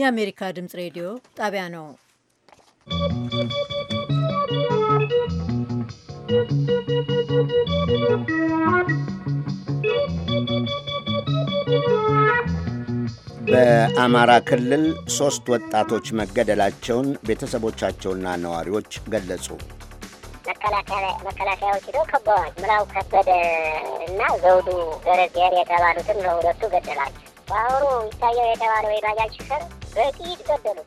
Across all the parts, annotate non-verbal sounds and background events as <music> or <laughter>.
የአሜሪካ ድምፅ ሬዲዮ ጣቢያ ነው። በአማራ ክልል ሦስት ወጣቶች መገደላቸውን ቤተሰቦቻቸውና ነዋሪዎች ገለጹ። መከላከያዎች ሄደው ከበዋል። ምናው ከበደ እና ዘውዱ ገረዚያር የተባሉትን ለሁለቱ ገደላቸው። በአሁኑ ይታየው የተባለው የባጃጅ ሹፌር በጥይት ገደሉ።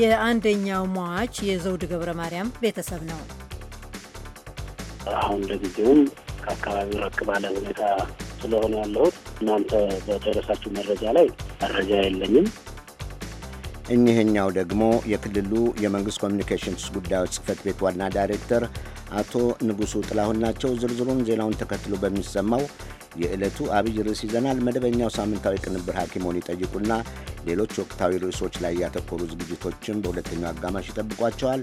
የአንደኛው ሟች የዘውድ ገብረ ማርያም ቤተሰብ ነው። አሁን ለጊዜውም ከአካባቢው ረቅ ባለ ሁኔታ ስለሆነ ያለሁት እናንተ በደረሳችሁ መረጃ ላይ መረጃ የለኝም። እኚህኛው ደግሞ የክልሉ የመንግሥት ኮሚኒኬሽንስ ጉዳዮች ጽህፈት ቤት ዋና ዳይሬክተር አቶ ንጉሡ ጥላሁን ናቸው። ዝርዝሩን ዜናውን ተከትሎ በሚሰማው የዕለቱ አብይ ርዕስ ይዘናል። መደበኛው ሳምንታዊ ቅንብር ሐኪሞን ይጠይቁና ሌሎች ወቅታዊ ርዕሶች ላይ ያተኮሩ ዝግጅቶችም በሁለተኛው አጋማሽ ይጠብቋቸዋል።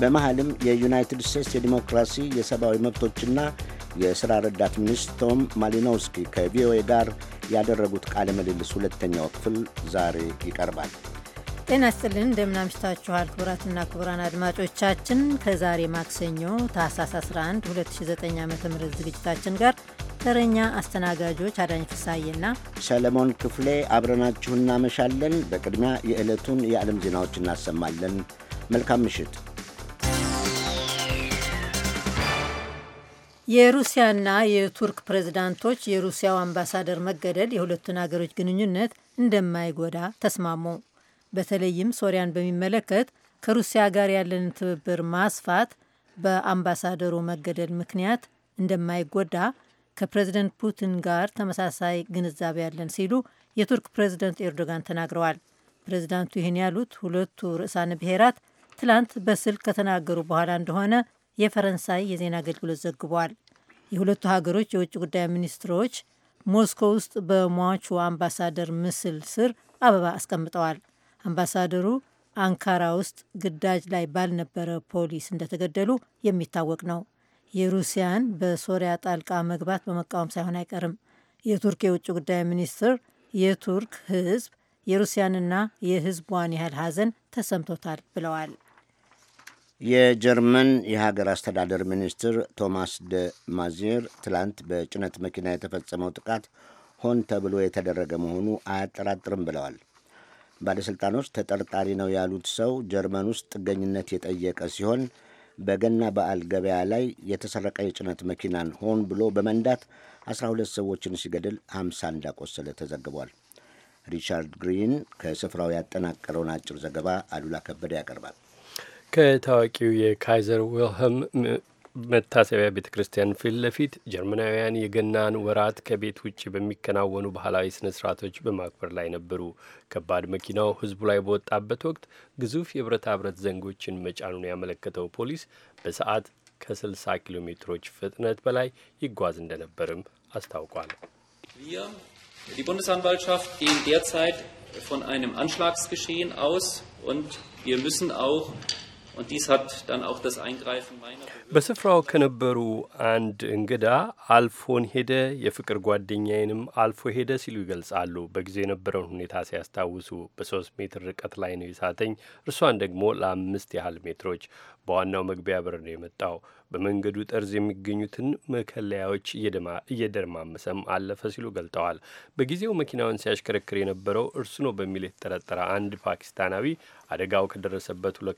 በመሃልም የዩናይትድ ስቴትስ የዲሞክራሲ የሰብአዊ መብቶችና የሥራ ረዳት ሚኒስትር ቶም ማሊኖውስኪ ከቪኦኤ ጋር ያደረጉት ቃለ ምልልስ ሁለተኛው ክፍል ዛሬ ይቀርባል። ጤና ይስጥልን እንደምን አምሽታችኋል ክቡራትና ክቡራን አድማጮቻችን ከዛሬ ማክሰኞ ታህሳስ 11 2009 ዓ ም ዝግጅታችን ጋር ተረኛ አስተናጋጆች አዳኝ ፍሳዬና ሰለሞን ክፍሌ አብረናችሁ እናመሻለን። በቅድሚያ የዕለቱን የዓለም ዜናዎች እናሰማለን። መልካም ምሽት። የሩሲያና የቱርክ ፕሬዝዳንቶች የሩሲያው አምባሳደር መገደል የሁለቱን አገሮች ግንኙነት እንደማይጎዳ ተስማሙ። በተለይም ሶሪያን በሚመለከት ከሩሲያ ጋር ያለን ትብብር ማስፋት በአምባሳደሩ መገደል ምክንያት እንደማይጎዳ ከፕሬዚደንት ፑቲን ጋር ተመሳሳይ ግንዛቤ ያለን ሲሉ የቱርክ ፕሬዚደንት ኤርዶጋን ተናግረዋል። ፕሬዚዳንቱ ይህን ያሉት ሁለቱ ርዕሳነ ብሔራት ትላንት በስልክ ከተናገሩ በኋላ እንደሆነ የፈረንሳይ የዜና አገልግሎት ዘግቧል። የሁለቱ ሀገሮች የውጭ ጉዳይ ሚኒስትሮች ሞስኮ ውስጥ በሟቹ አምባሳደር ምስል ስር አበባ አስቀምጠዋል። አምባሳደሩ አንካራ ውስጥ ግዳጅ ላይ ባልነበረ ፖሊስ እንደተገደሉ የሚታወቅ ነው። የሩሲያን በሶሪያ ጣልቃ መግባት በመቃወም ሳይሆን አይቀርም። የቱርክ የውጭ ጉዳይ ሚኒስትር የቱርክ ህዝብ የሩሲያንና የህዝቧን ያህል ሀዘን ተሰምቶታል ብለዋል። የጀርመን የሀገር አስተዳደር ሚኒስትር ቶማስ ደ ማዚየር ትላንት በጭነት መኪና የተፈጸመው ጥቃት ሆን ተብሎ የተደረገ መሆኑ አያጠራጥርም ብለዋል። ባለሥልጣኖች ተጠርጣሪ ነው ያሉት ሰው ጀርመን ውስጥ ጥገኝነት የጠየቀ ሲሆን በገና በዓል ገበያ ላይ የተሰረቀ የጭነት መኪናን ሆን ብሎ በመንዳት 12 ሰዎችን ሲገድል 50 እንዳቆሰለ ተዘግቧል። ሪቻርድ ግሪን ከስፍራው ያጠናቀረውን አጭር ዘገባ አሉላ ከበደ ያቀርባል። ከታዋቂው የካይዘር ዊልህም መታሰቢያ ቤተ ክርስቲያን ፊት ለፊት ጀርመናውያን የገናን ወራት ከቤት ውጭ በሚከናወኑ ባህላዊ ስነ ስርዓቶች በማክበር ላይ ነበሩ። ከባድ መኪናው ሕዝቡ ላይ በወጣበት ወቅት ግዙፍ የብረታ ብረት ዘንጎችን መጫኑን ያመለከተው ፖሊስ በሰዓት ከ60 ኪሎ ሜትሮች ፍጥነት በላይ ይጓዝ እንደነበርም አስታውቋል። Die Bundesanwaltschaft geht derzeit von einem Anschlagsgeschehen aus und wir müssen auch, und dies hat dann auch das Eingreifen meiner በስፍራው ከነበሩ አንድ እንግዳ አልፎን ሄደ፣ የፍቅር ጓደኛዬንም አልፎ ሄደ ሲሉ ይገልጻሉ። በጊዜው የነበረውን ሁኔታ ሲያስታውሱ በሶስት ሜትር ርቀት ላይ ነው የሳተኝ፣ እርሷን ደግሞ ለአምስት ያህል ሜትሮች። በዋናው መግቢያ በር ነው የመጣው በመንገዱ ጠርዝ የሚገኙትን መከለያዎች እየደርማመሰም አለፈ ሲሉ ገልጠዋል። በጊዜው መኪናውን ሲያሽከረክር የነበረው እርሱ ነው በሚል የተጠረጠረ አንድ ፓኪስታናዊ አደጋው ከደረሰበት ሁለት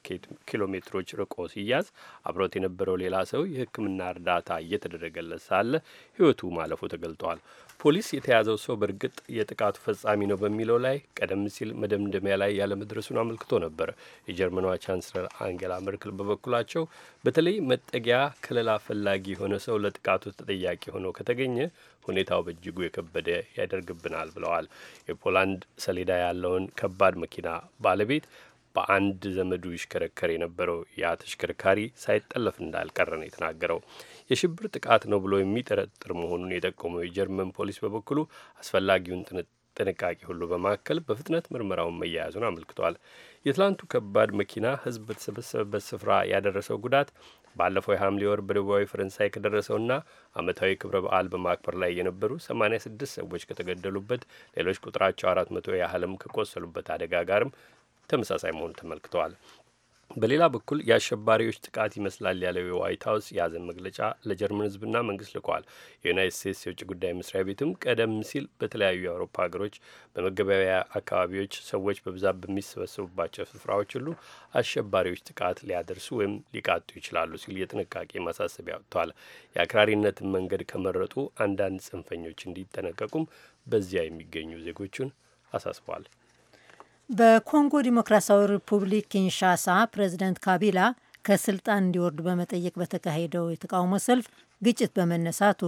ኪሎ ሜትሮች ርቆ ሲያዝ አብሮት የነበረው ሌላ ሰው የሕክምና እርዳታ እየተደረገለት ሳለ ሕይወቱ ማለፉ ተገልጠዋል። ፖሊስ የተያዘው ሰው በእርግጥ የጥቃቱ ፈጻሚ ነው በሚለው ላይ ቀደም ሲል መደምደሚያ ላይ ያለመድረሱን አመልክቶ ነበር። የጀርመኗ ቻንስለር አንጌላ መርክል በበኩላቸው በተለይ መጠጊያ ከለላ ፈላጊ የሆነ ሰው ለጥቃቱ ተጠያቂ ሆኖ ከተገኘ ሁኔታው በእጅጉ የከበደ ያደርግብናል ብለዋል። የፖላንድ ሰሌዳ ያለውን ከባድ መኪና ባለቤት በአንድ ዘመዱ ይሽከረከር የነበረው ያ ተሽከርካሪ ሳይጠለፍ እንዳልቀረ ነው የተናገረው። የሽብር ጥቃት ነው ብሎ የሚጠረጥር መሆኑን የጠቆመው የጀርመን ፖሊስ በበኩሉ አስፈላጊውን ጥንቃቄ ሁሉ በማከል በፍጥነት ምርመራውን መያያዙን አመልክቷል። የትላንቱ ከባድ መኪና ሕዝብ በተሰበሰበበት ስፍራ ያደረሰው ጉዳት ባለፈው የሐምሌ ወር በደቡባዊ ፈረንሳይ ከደረሰውና ዓመታዊ ክብረ በዓል በማክበር ላይ የነበሩ 86 ሰዎች ከተገደሉበት ሌሎች ቁጥራቸው አራት መቶ ያህልም ከቆሰሉበት አደጋ ጋርም ተመሳሳይ መሆኑ ተመልክተዋል። በሌላ በኩል የአሸባሪዎች ጥቃት ይመስላል ያለው የዋይት ሀውስ የሐዘን መግለጫ ለጀርመን ህዝብና መንግስት ልኳል። የዩናይት ስቴትስ የውጭ ጉዳይ መስሪያ ቤትም ቀደም ሲል በተለያዩ የአውሮፓ ሀገሮች በመገበያያ አካባቢዎች ሰዎች በብዛት በሚሰበሰቡባቸው ስፍራዎች ሁሉ አሸባሪዎች ጥቃት ሊያደርሱ ወይም ሊቃጡ ይችላሉ ሲል የጥንቃቄ ማሳሰቢያ አውጥቷል። የአክራሪነትን መንገድ ከመረጡ አንዳንድ ጽንፈኞች እንዲጠነቀቁም በዚያ የሚገኙ ዜጎቹን አሳስቧል። በኮንጎ ዲሞክራሲያዊ ሪፑብሊክ ኪንሻሳ ፕሬዚደንት ካቢላ ከስልጣን እንዲወርዱ በመጠየቅ በተካሄደው የተቃውሞ ሰልፍ ግጭት በመነሳቱ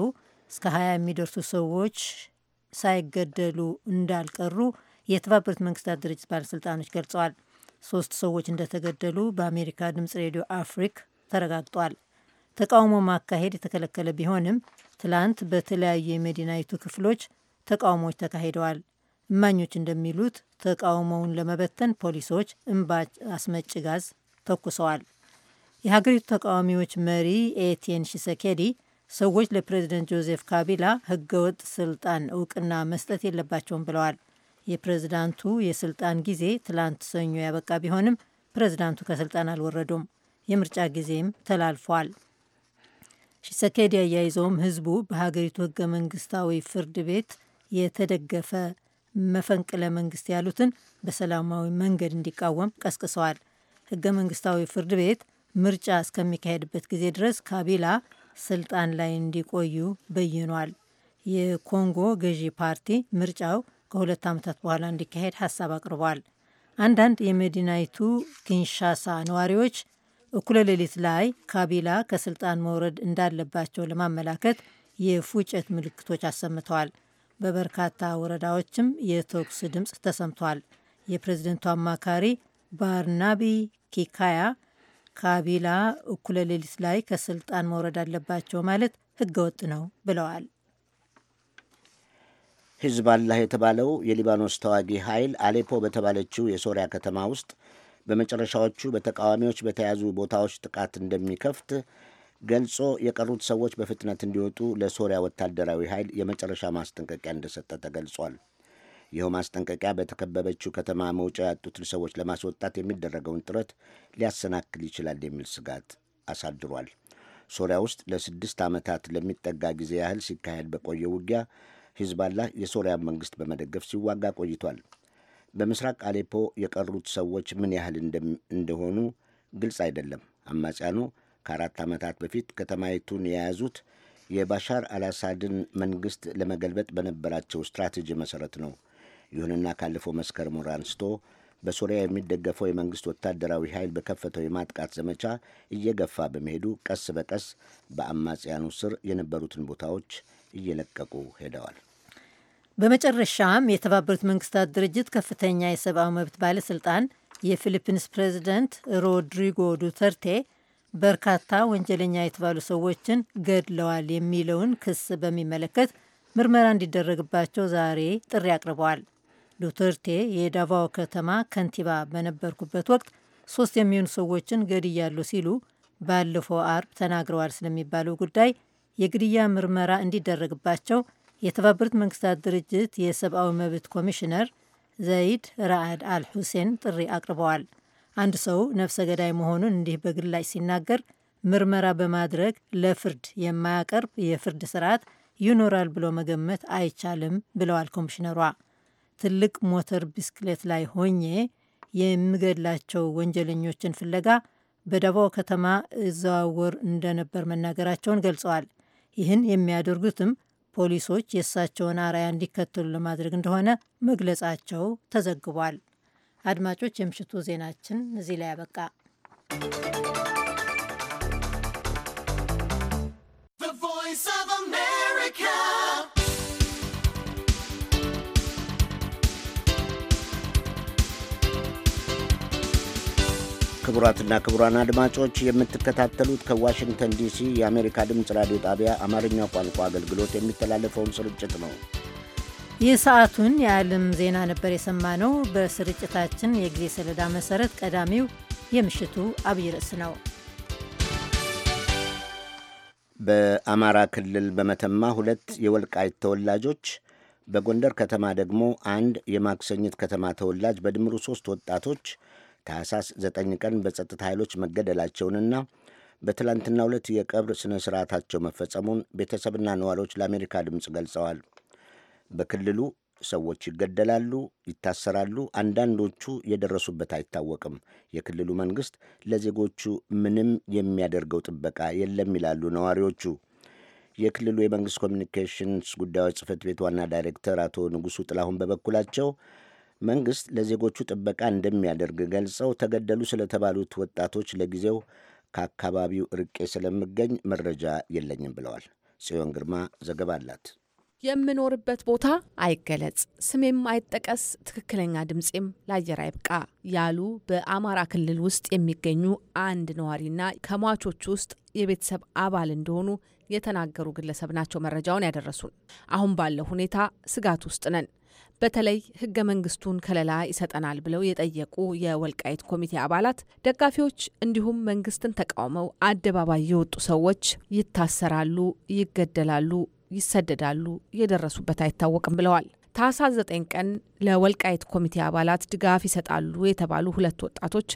እስከ 20 የሚደርሱ ሰዎች ሳይገደሉ እንዳልቀሩ የተባበሩት መንግስታት ድርጅት ባለሥልጣኖች ገልጸዋል። ሶስት ሰዎች እንደተገደሉ በአሜሪካ ድምፅ ሬዲዮ አፍሪክ ተረጋግጧል። ተቃውሞ ማካሄድ የተከለከለ ቢሆንም ትላንት በተለያዩ የመዲናይቱ ክፍሎች ተቃውሞዎች ተካሂደዋል። እማኞች እንደሚሉት ተቃውሞውን ለመበተን ፖሊሶች እምባ አስመጭ ጋዝ ተኩሰዋል። የሀገሪቱ ተቃዋሚዎች መሪ ኤቲን ሺሰኬዲ ሰዎች ለፕሬዚደንት ጆዜፍ ካቢላ ህገወጥ ስልጣን እውቅና መስጠት የለባቸውም ብለዋል። የፕሬዝዳንቱ የስልጣን ጊዜ ትላንት ሰኞ ያበቃ ቢሆንም ፕሬዝዳንቱ ከስልጣን አልወረዱም። የምርጫ ጊዜም ተላልፏል። ሺሰኬዲ አያይዘውም ህዝቡ በሀገሪቱ ህገ መንግስታዊ ፍርድ ቤት የተደገፈ መፈንቅለ መንግስት ያሉትን በሰላማዊ መንገድ እንዲቃወም ቀስቅሰዋል። ህገ መንግስታዊ ፍርድ ቤት ምርጫ እስከሚካሄድበት ጊዜ ድረስ ካቢላ ስልጣን ላይ እንዲቆዩ በይኗል። የኮንጎ ገዢ ፓርቲ ምርጫው ከሁለት ዓመታት በኋላ እንዲካሄድ ሀሳብ አቅርቧል። አንዳንድ የመዲናይቱ ኪንሻሳ ነዋሪዎች እኩለ ሌሊት ላይ ካቢላ ከስልጣን መውረድ እንዳለባቸው ለማመላከት የፉጨት ምልክቶች አሰምተዋል። በበርካታ ወረዳዎችም የተኩስ ድምፅ ተሰምቷል። የፕሬዝደንቱ አማካሪ ባርናቢ ኪካያ ካቢላ እኩለ ሌሊት ላይ ከስልጣን መውረድ አለባቸው ማለት ህገወጥ ነው ብለዋል። ሂዝባላህ የተባለው የሊባኖስ ተዋጊ ኃይል አሌፖ በተባለችው የሶሪያ ከተማ ውስጥ በመጨረሻዎቹ በተቃዋሚዎች በተያዙ ቦታዎች ጥቃት እንደሚከፍት ገልጾ የቀሩት ሰዎች በፍጥነት እንዲወጡ ለሶሪያ ወታደራዊ ኃይል የመጨረሻ ማስጠንቀቂያ እንደሰጠ ተገልጿል። ይኸው ማስጠንቀቂያ በተከበበችው ከተማ መውጫ ያጡትን ሰዎች ለማስወጣት የሚደረገውን ጥረት ሊያሰናክል ይችላል የሚል ስጋት አሳድሯል። ሶሪያ ውስጥ ለስድስት ዓመታት ለሚጠጋ ጊዜ ያህል ሲካሄድ በቆየው ውጊያ ሂዝባላ የሶሪያ መንግሥት በመደገፍ ሲዋጋ ቆይቷል። በምስራቅ አሌፖ የቀሩት ሰዎች ምን ያህል እንደሆኑ ግልጽ አይደለም። አማጽያኑ ከአራት ዓመታት በፊት ከተማይቱን የያዙት የባሻር አልአሳድን መንግሥት ለመገልበጥ በነበራቸው ስትራቴጂ መሠረት ነው። ይሁንና ካለፈው መስከረም ወር አንስቶ በሶሪያ የሚደገፈው የመንግሥት ወታደራዊ ኃይል በከፈተው የማጥቃት ዘመቻ እየገፋ በመሄዱ ቀስ በቀስ በአማጽያኑ ስር የነበሩትን ቦታዎች እየለቀቁ ሄደዋል። በመጨረሻም የተባበሩት መንግስታት ድርጅት ከፍተኛ የሰብአዊ መብት ባለሥልጣን የፊሊፒንስ ፕሬዚደንት ሮድሪጎ ዱተርቴ በርካታ ወንጀለኛ የተባሉ ሰዎችን ገድለዋል የሚለውን ክስ በሚመለከት ምርመራ እንዲደረግባቸው ዛሬ ጥሪ አቅርበዋል። ዱተርቴ የዳቫው ከተማ ከንቲባ በነበርኩበት ወቅት ሶስት የሚሆኑ ሰዎችን ገድያሉ ሲሉ ባለፈው አርብ ተናግረዋል ስለሚባለው ጉዳይ የግድያ ምርመራ እንዲደረግባቸው የተባበሩት መንግስታት ድርጅት የሰብአዊ መብት ኮሚሽነር ዘይድ ራአድ አል ሁሴን ጥሪ አቅርበዋል። አንድ ሰው ነፍሰ ገዳይ መሆኑን እንዲህ በግላጭ ሲናገር ምርመራ በማድረግ ለፍርድ የማያቀርብ የፍርድ ስርዓት ይኖራል ብሎ መገመት አይቻልም ብለዋል ኮሚሽነሯ። ትልቅ ሞተር ብስክሌት ላይ ሆኜ የምገድላቸው ወንጀለኞችን ፍለጋ በዳባው ከተማ እዘዋወር እንደነበር መናገራቸውን ገልጸዋል። ይህን የሚያደርጉትም ፖሊሶች የእሳቸውን አርአያ እንዲከተሉ ለማድረግ እንደሆነ መግለጻቸው ተዘግቧል። አድማጮች፣ የምሽቱ ዜናችን እዚህ ላይ ያበቃ። ክቡራትና ክቡራን አድማጮች የምትከታተሉት ከዋሽንግተን ዲሲ የአሜሪካ ድምፅ ራዲዮ ጣቢያ አማርኛ ቋንቋ አገልግሎት የሚተላለፈውን ስርጭት ነው። የሰዓቱን የዓለም ዜና ነበር የሰማ ነው። በስርጭታችን የጊዜ ሰሌዳ መሰረት ቀዳሚው የምሽቱ አብይ ርዕስ ነው። በአማራ ክልል በመተማ ሁለት የወልቃይት ተወላጆች በጎንደር ከተማ ደግሞ አንድ የማክሰኝት ከተማ ተወላጅ በድምሩ ሦስት ወጣቶች ታህሳስ ዘጠኝ ቀን በጸጥታ ኃይሎች መገደላቸውንና በትላንትና ሁለት የቀብር ሥነ ሥርዓታቸው መፈጸሙን ቤተሰብና ነዋሪዎች ለአሜሪካ ድምፅ ገልጸዋል። በክልሉ ሰዎች ይገደላሉ፣ ይታሰራሉ። አንዳንዶቹ የደረሱበት አይታወቅም። የክልሉ መንግሥት ለዜጎቹ ምንም የሚያደርገው ጥበቃ የለም ይላሉ ነዋሪዎቹ። የክልሉ የመንግሥት ኮሚኒኬሽንስ ጉዳዮች ጽሕፈት ቤት ዋና ዳይሬክተር አቶ ንጉሡ ጥላሁን በበኩላቸው መንግሥት ለዜጎቹ ጥበቃ እንደሚያደርግ ገልጸው ተገደሉ ስለተባሉት ወጣቶች ለጊዜው ከአካባቢው ርቄ ስለምገኝ መረጃ የለኝም ብለዋል። ጽዮን ግርማ ዘገባ አላት። የምኖርበት ቦታ አይገለጽ፣ ስሜም አይጠቀስ፣ ትክክለኛ ድምፄም ለአየር አይብቃ ያሉ በአማራ ክልል ውስጥ የሚገኙ አንድ ነዋሪና ከሟቾች ውስጥ የቤተሰብ አባል እንደሆኑ የተናገሩ ግለሰብ ናቸው መረጃውን ያደረሱን። አሁን ባለው ሁኔታ ስጋት ውስጥ ነን። በተለይ ህገ መንግስቱን ከለላ ይሰጠናል ብለው የጠየቁ የወልቃይት ኮሚቴ አባላት፣ ደጋፊዎች እንዲሁም መንግስትን ተቃውመው አደባባይ የወጡ ሰዎች ይታሰራሉ፣ ይገደላሉ ይሰደዳሉ፣ የደረሱበት አይታወቅም ብለዋል። ታህሳስ 9 ቀን ለወልቃይት ኮሚቴ አባላት ድጋፍ ይሰጣሉ የተባሉ ሁለት ወጣቶች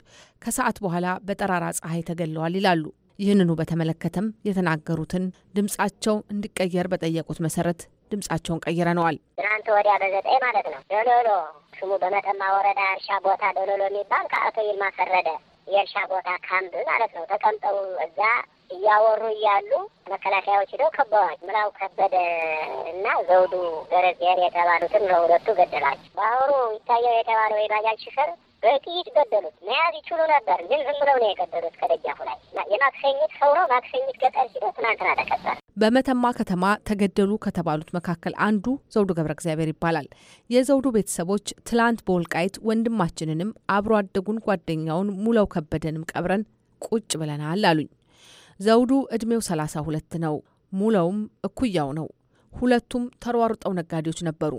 ከሰዓት በኋላ በጠራራ ፀሐይ ተገለዋል ይላሉ። ይህንኑ በተመለከተም የተናገሩትን ድምጻቸው እንዲቀየር በጠየቁት መሰረት ድምጻቸውን ቀይረነዋል። ትናንት ወዲያ በዘጠኝ ማለት ነው ዶሎሎ ስሙ በመተማ ወረዳ እርሻ ቦታ ዶሎሎ የሚባል ከአቶ ይልማ ፈረደ የእርሻ ቦታ ካምብ ማለት ነው ተቀምጠው እዛ እያወሩ እያሉ መከላከያዎች ሄደው ከበዋል። ምናው ከበደ እና ዘውዱ ገረዚያር የተባሉትን ለሁለቱ ገደላቸው። በአሁኑ ይታየው የተባለው የባጃጅ ሽፈር በጥይት ገደሉት። መያዝ ይችሉ ነበር፣ ግን ዝም ብለው ነው የገደሉት። ከደጃፉ ላይ የማክሰኝት ሰው ነው። ማክሰኝት ገጠር ሲደ ትናንትና ተቀበረ። በመተማ ከተማ ተገደሉ ከተባሉት መካከል አንዱ ዘውዱ ገብረ እግዚአብሔር ይባላል። የዘውዱ ቤተሰቦች ትላንት በወልቃይት ወንድማችንንም አብሮ አደጉን ጓደኛውን ሙለው ከበደንም ቀብረን ቁጭ ብለናል አሉኝ። ዘውዱ ዕድሜው 32 ነው። ሙለውም እኩያው ነው። ሁለቱም ተሯሩጠው ነጋዴዎች ነበሩ።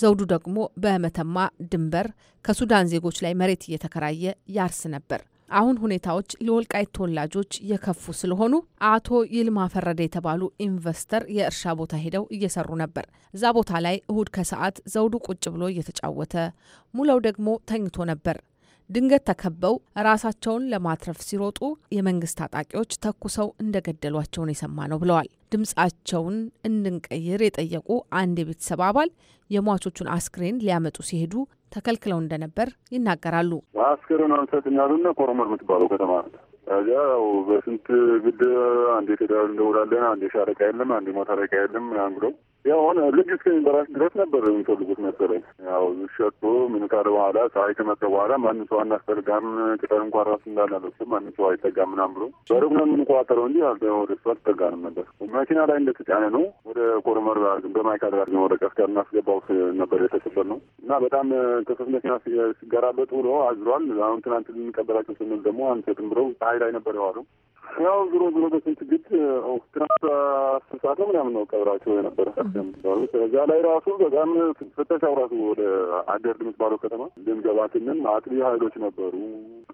ዘውዱ ደግሞ በመተማ ድንበር ከሱዳን ዜጎች ላይ መሬት እየተከራየ ያርስ ነበር። አሁን ሁኔታዎች ለወልቃይት ተወላጆች የከፉ ስለሆኑ አቶ ይልማ ፈረደ የተባሉ ኢንቨስተር የእርሻ ቦታ ሄደው እየሰሩ ነበር። እዛ ቦታ ላይ እሁድ ከሰዓት ዘውዱ ቁጭ ብሎ እየተጫወተ፣ ሙለው ደግሞ ተኝቶ ነበር። ድንገት ተከበው ራሳቸውን ለማትረፍ ሲሮጡ የመንግስት ታጣቂዎች ተኩሰው እንደገደሏቸውን የሰማ ነው ብለዋል። ድምጻቸውን እንድንቀይር የጠየቁ አንድ የቤተሰብ አባል የሟቾቹን አስክሬን ሊያመጡ ሲሄዱ ተከልክለው እንደነበር ይናገራሉ። አስክሬን አንሰጥም ያሉና ኮረመር የምትባለው ከተማ ከዚያ ያው በስንት ግድ አንዴ ፌዴራል እንደውላለን፣ አንዴ ሻረቃ የለም፣ አንዴ ሞታረቃ የለም ምናምን ብለው የሆነ ልጅ እስከሚበላሽ ድረስ ነበር የሚፈልጉት መሰለኝ። ያው ሸጡ ምን ካለ በኋላ ፀሐይ ከመጣ በኋላ ማን ሰው አናስፈልጋም፣ ቅጠር እንኳ ራሱ እንዳላለሱ ማን ሰው አይጠጋም ምናም ብሎ በሩቅ ነው የምንቋጠረው እንጂ ወደ እሱ ነበር። መኪና ላይ እንደተጫነ ነው ወደ ኮርመር በማይካ አድርገን ወደ ቀስቀር እናስገባው ነበር የተሰበር ነው እና በጣም ከሶስት መኪና ሲገራበጥ ውሎ አዝሯል። አሁን ትናንት ልንቀበላቸው ስንል ደግሞ አንሰጥም ብለው ፀሐይ ላይ ነበር የዋሉ ያው ዞሮ ዞሮ በስንት ግድ ትናንት አስር ሰዓት ነው ምናምን ነው ቀብራቸው የነበረ ከዚያ ላይ ራሱ በጣም ፍተሻው ራሱ ወደ አደር የምትባለው ከተማ ልንገባ ስንል አጥቢ ኃይሎች ነበሩ።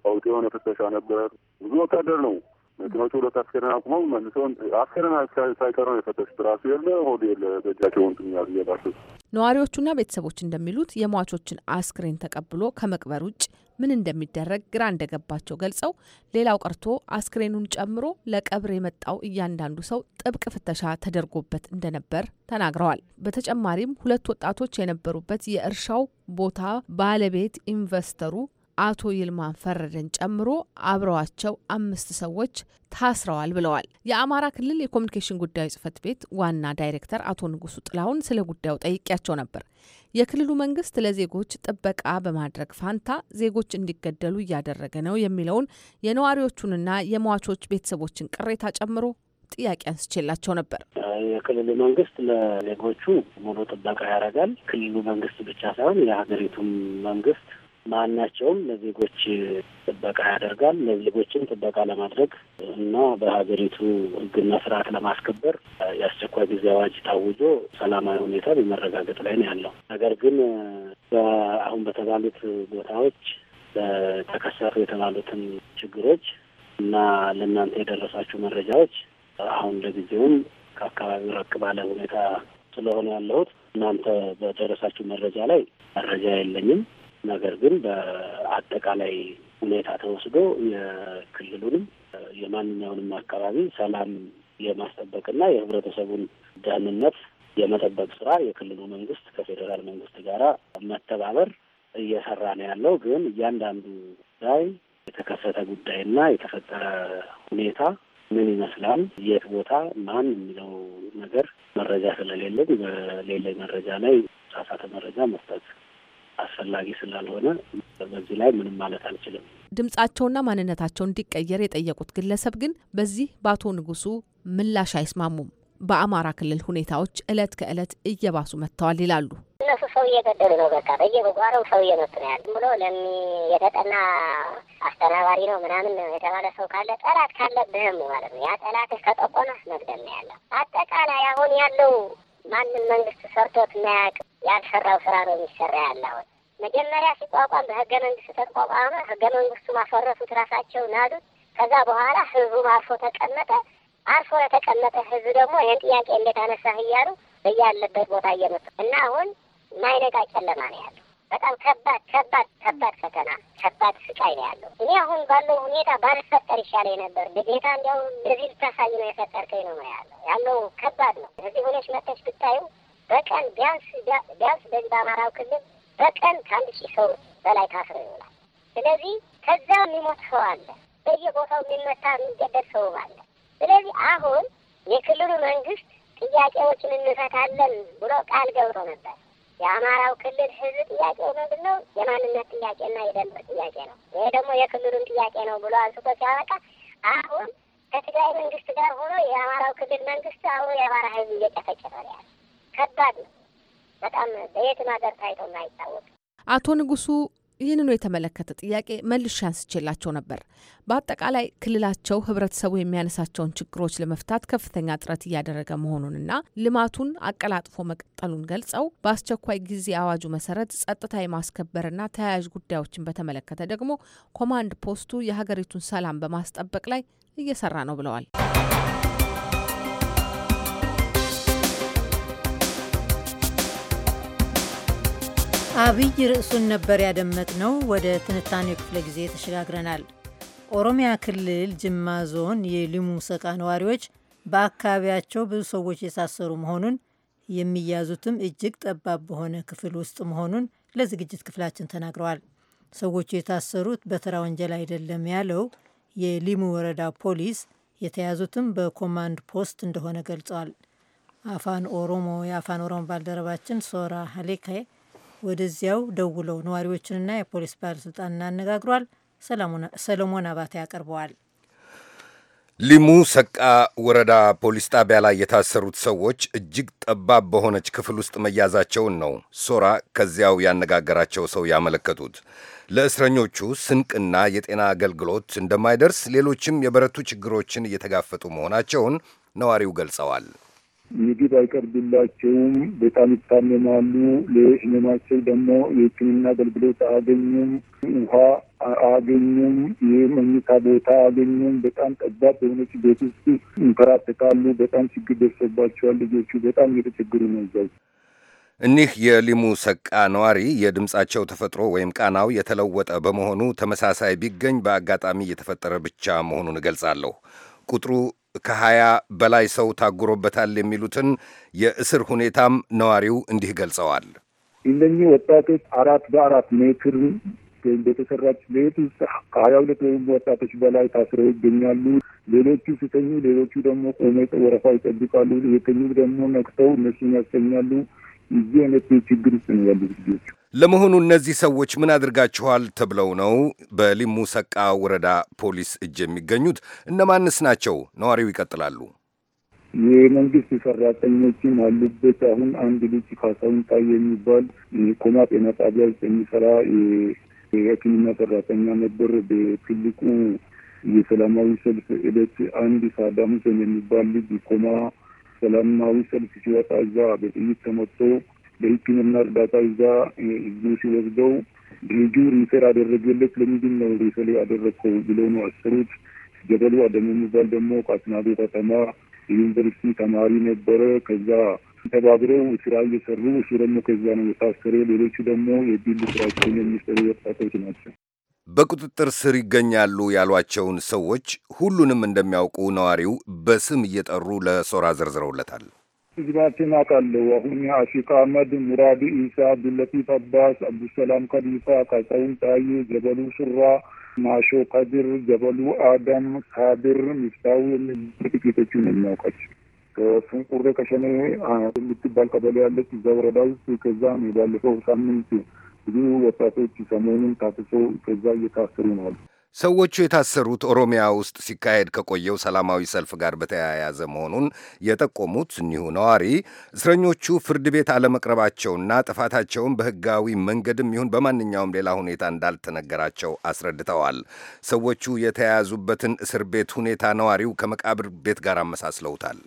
ቀውጥ የሆነ ፍተሻ ነበር። ብዙ ወታደር ነው መኪኖቹ ሁለት አስከሬን አቁመው መልሰውን አስከሬን ሳይቀር ነው የፈተሹት። ራሱ የለ ሆድ የለ በእጃቸው ንትን ያልየላቸው ነዋሪዎቹና ቤተሰቦች እንደሚሉት የሟቾችን አስክሬን ተቀብሎ ከመቅበር ውጭ ምን እንደሚደረግ ግራ እንደገባቸው ገልጸው ሌላው ቀርቶ አስክሬኑን ጨምሮ ለቀብር የመጣው እያንዳንዱ ሰው ጥብቅ ፍተሻ ተደርጎበት እንደነበር ተናግረዋል። በተጨማሪም ሁለት ወጣቶች የነበሩበት የእርሻው ቦታ ባለቤት ኢንቨስተሩ አቶ ይልማን ፈረደን ጨምሮ አብረዋቸው አምስት ሰዎች ታስረዋል ብለዋል። የአማራ ክልል የኮሚኒኬሽን ጉዳዩ ጽህፈት ቤት ዋና ዳይሬክተር አቶ ንጉሱ ጥላሁን ስለ ጉዳዩ ጠይቄያቸው ነበር። የክልሉ መንግስት ለዜጎች ጥበቃ በማድረግ ፋንታ ዜጎች እንዲገደሉ እያደረገ ነው የሚለውን የነዋሪዎቹንና የሟቾች ቤተሰቦችን ቅሬታ ጨምሮ ጥያቄ አንስቼላቸው ነበር። የክልሉ መንግስት ለዜጎቹ ሙሉ ጥበቃ ያደርጋል። ክልሉ መንግስት ብቻ ሳይሆን የሀገሪቱም መንግስት ማናቸውም ለዜጎች ጥበቃ ያደርጋል። ለዜጎችም ጥበቃ ለማድረግ እና በሀገሪቱ ሕግና ስርዓት ለማስከበር የአስቸኳይ ጊዜ አዋጅ ታውጆ ሰላማዊ ሁኔታ በመረጋገጥ ላይ ነው ያለው። ነገር ግን አሁን በተባሉት ቦታዎች ተከሰቱ የተባሉትን ችግሮች እና ለእናንተ የደረሳችሁ መረጃዎች አሁን ለጊዜውም ከአካባቢው ረቅ ባለ ሁኔታ ስለሆነ ያለሁት እናንተ በደረሳችሁ መረጃ ላይ መረጃ የለኝም። ነገር ግን በአጠቃላይ ሁኔታ ተወስዶ የክልሉንም የማንኛውንም አካባቢ ሰላም የማስጠበቅና የህብረተሰቡን ደህንነት የመጠበቅ ስራ የክልሉ መንግስት ከፌዴራል መንግስት ጋር መተባበር እየሰራ ነው ያለው። ግን እያንዳንዱ ጉዳይ የተከሰተ ጉዳይና የተፈጠረ ሁኔታ ምን ይመስላል፣ የት ቦታ ማን የሚለው ነገር መረጃ ስለሌለኝ በሌለኝ መረጃ ላይ ሳሳተ መረጃ መስጠት አስፈላጊ ስላልሆነ በዚህ ላይ ምንም ማለት አልችልም። ድምጻቸውና ማንነታቸው እንዲቀየር የጠየቁት ግለሰብ ግን በዚህ በአቶ ንጉሱ ምላሽ አይስማሙም። በአማራ ክልል ሁኔታዎች እለት ከእለት እየባሱ መጥተዋል ይላሉ። እነሱ ሰው እየገደሉ ነው። በቃ በየጓሮው ሰው እየመጡ ነው ያሉ ብሎ ለሚ የተጠና አስተናባሪ ነው ምናምን የተባለ ሰው ካለ ጠላት ካለ ብህም ማለት ነው። ያ ጠላትህ ከጠቆመህ መግደል ነው ያለው። አጠቃላይ አሁን ያለው ማንም መንግስት ሰርቶት የማያውቅ ያልሰራው ስራ ነው የሚሰራ ያለውን መጀመሪያ ሲቋቋም በህገ መንግስት ተቋቋመ። ህገ መንግስቱ ማፈረሱት ራሳቸው ናዱት። ከዛ በኋላ ህዝቡም አርፎ ተቀመጠ። አርፎ የተቀመጠ ህዝብ ደግሞ ይህን ጥያቄ እንዴት አነሳህ እያሉ በያለበት ቦታ እየመጡ እና አሁን ማይነጋ ጨለማ ነው ያለው። በጣም ከባድ ከባድ ከባድ ፈተና ከባድ ስቃይ ነው ያለው። እኔ አሁን ባለው ሁኔታ ባልፈጠር ይሻለኝ ነበር። ጌታ እንዲያው እዚህ ልታሳይ ነው የፈጠርከኝ ነው ያለው ያለው ከባድ ነው። እዚህ ሆነሽ መጥተሽ ብታዩ በቀን ቢያንስ ቢያንስ በዚህ በአማራው ክልል በቀን ከአንድ ሺህ ሰው በላይ ታስሮ ይውላል። ስለዚህ ከዛ የሚሞት ሰው አለ፣ በየቦታው የሚመታ የሚገደል ሰው አለ። ስለዚህ አሁን የክልሉ መንግስት ጥያቄዎችን እንፈታለን ብሎ ቃል ገብቶ ነበር። የአማራው ክልል ህዝብ ጥያቄ ምንድን ነው? የማንነት ጥያቄና የደንብ ጥያቄ ነው። ይሄ ደግሞ የክልሉን ጥያቄ ነው ብሎ አንስቶ ሲያበቃ አሁን ከትግራይ መንግስት ጋር ሆኖ የአማራው ክልል መንግስት አሁን የአማራ ህዝብ እየጨፈጨፈ ነው ከባድ ነው በጣም በየትም ሀገር ታይቶ የማይታወቅ። አቶ ንጉሱ ይህንኑ የተመለከተ ጥያቄ መልሼ አንስቼላቸው ነበር። በአጠቃላይ ክልላቸው ህብረተሰቡ የሚያነሳቸውን ችግሮች ለመፍታት ከፍተኛ ጥረት እያደረገ መሆኑንና ልማቱን አቀላጥፎ መቀጠሉን ገልጸው በአስቸኳይ ጊዜ አዋጁ መሰረት ጸጥታ የማስከበርና ተያያዥ ጉዳዮችን በተመለከተ ደግሞ ኮማንድ ፖስቱ የሀገሪቱን ሰላም በማስጠበቅ ላይ እየሰራ ነው ብለዋል። አብይ ርዕሱን ነበር ያደመጥነው። ወደ ትንታኔው ክፍለ ጊዜ ተሸጋግረናል። ኦሮሚያ ክልል ጅማ ዞን የሊሙ ሰቃ ነዋሪዎች በአካባቢያቸው ብዙ ሰዎች የታሰሩ መሆኑን የሚያዙትም እጅግ ጠባብ በሆነ ክፍል ውስጥ መሆኑን ለዝግጅት ክፍላችን ተናግረዋል። ሰዎቹ የታሰሩት በተራ ወንጀል አይደለም ያለው የሊሙ ወረዳ ፖሊስ የተያዙትም በኮማንድ ፖስት እንደሆነ ገልጸዋል። አፋን ኦሮሞ የአፋን ኦሮሞ ባልደረባችን ሶራ ሀሌካይ ወደዚያው ደውለው ነዋሪዎችንና የፖሊስ ባለስልጣንን አነጋግሯል። ሰለሞን አባተ ያቀርበዋል። ሊሙ ሰቃ ወረዳ ፖሊስ ጣቢያ ላይ የታሰሩት ሰዎች እጅግ ጠባብ በሆነች ክፍል ውስጥ መያዛቸውን ነው ሶራ ከዚያው ያነጋገራቸው ሰው ያመለከቱት። ለእስረኞቹ ስንቅና የጤና አገልግሎት እንደማይደርስ፣ ሌሎችም የበረቱ ችግሮችን እየተጋፈጡ መሆናቸውን ነዋሪው ገልጸዋል። ምግብ አይቀርብላቸውም፣ በጣም ይታመማሉ። ለህመማቸው ደግሞ የህክምና አገልግሎት አያገኙም፣ ውሃ አያገኙም፣ የመኝታ ቦታ አያገኙም። በጣም ጠባብ በሆነች ቤት ውስጥ ይንከራተታሉ። በጣም ችግር ደርሶባቸዋል። ልጆቹ በጣም እየተቸገሩ ነው እዛው እኒህ የሊሙ ሰቃ ነዋሪ የድምፃቸው ተፈጥሮ ወይም ቃናው የተለወጠ በመሆኑ ተመሳሳይ ቢገኝ በአጋጣሚ እየተፈጠረ ብቻ መሆኑን እገልጻለሁ። ቁጥሩ ከሀያ በላይ ሰው ታጉሮበታል የሚሉትን የእስር ሁኔታም ነዋሪው እንዲህ ገልጸዋል። እነኚህ ወጣቶች አራት በአራት ሜትር በተሰራች ቤት ውስጥ ከሀያ ሁለት ወይም ወጣቶች በላይ ታስረው ይገኛሉ። ሌሎቹ ሲተኙ፣ ሌሎቹ ደግሞ ቆመ ወረፋ ይጠብቃሉ። የተኙ ደግሞ ነቅተው እነሱን ያስተኛሉ። እዚህ አይነት ችግር ውስጥ ነው ያሉት ልጆች። ለመሆኑ እነዚህ ሰዎች ምን አድርጋችኋል ተብለው ነው በሊሙ ሰቃ ወረዳ ፖሊስ እጅ የሚገኙት? እነማንስ ናቸው? ነዋሪው ይቀጥላሉ። የመንግስት ሰራተኞችም አሉበት። አሁን አንድ ልጅ ካሳሁን የሚባል ኮማ ጤና ጣቢያ ውስጥ የሚሰራ የሕክምና ሰራተኛ ነበር። በትልቁ የሰላማዊ ሰልፍ ዕለት አንድ ሳዳም የሚባል ልጅ ኮማ ሰላማዊ ሰልፍ ሲወጣ እዛ በጥይት ተመቶ በሕክምና እርዳታ እዛ ህዝቡ ሲወስደው ድርጁ ሪሰር አደረገለት። ለምንድን ነው ሪሰር ያደረግከው ብለው ነው አሰሩት። ጀበሉ አደሙ የሚባል ደግሞ ከአስናዶ ከተማ የዩኒቨርሲቲ ተማሪ ነበረ። ከዛ ተባብረው ስራ እየሰሩ እሱ ደግሞ ከዛ ነው የታሰረ። ሌሎቹ ደግሞ የግል ስራቸውን የሚሰሩ ወጣቶች ናቸው። በቁጥጥር ስር ይገኛሉ ያሏቸውን ሰዎች ሁሉንም እንደሚያውቁ ነዋሪው በስም እየጠሩ ለሶራ ዘርዝረውለታል። ህዝባችን አውቃለሁ። አሁን አሺቅ አህመድ፣ ሙራድ ኢሳ፣ አብዱለጢፍ አባስ፣ አብዱሰላም ከሊፋ፣ ቀጸውን ጣዩ፣ ጀበሉ ሱራ፣ ማሾ ከድር፣ ጀበሉ አዳም፣ ሳብር፣ ሚፍታዊ የሚባሉ ጥቂቶቹን የሚያውቃቸው ከስንቁሬ ከሸኔ የምትባል ቀበሌ ያለች እዛ ወረዳ ውስጥ ከዛ ባለፈው ሳምንት ብዙ ወጣቶች ሰሞኑን ታፍሰው ከዛ እየታሰሩ ነው አሉ። ሰዎቹ የታሰሩት ኦሮሚያ ውስጥ ሲካሄድ ከቆየው ሰላማዊ ሰልፍ ጋር በተያያዘ መሆኑን የጠቆሙት እኒሁ ነዋሪ እስረኞቹ ፍርድ ቤት አለመቅረባቸውና ጥፋታቸውን በሕጋዊ መንገድም ይሁን በማንኛውም ሌላ ሁኔታ እንዳልተነገራቸው አስረድተዋል። ሰዎቹ የተያያዙበትን እስር ቤት ሁኔታ ነዋሪው ከመቃብር ቤት ጋር አመሳስለውታል።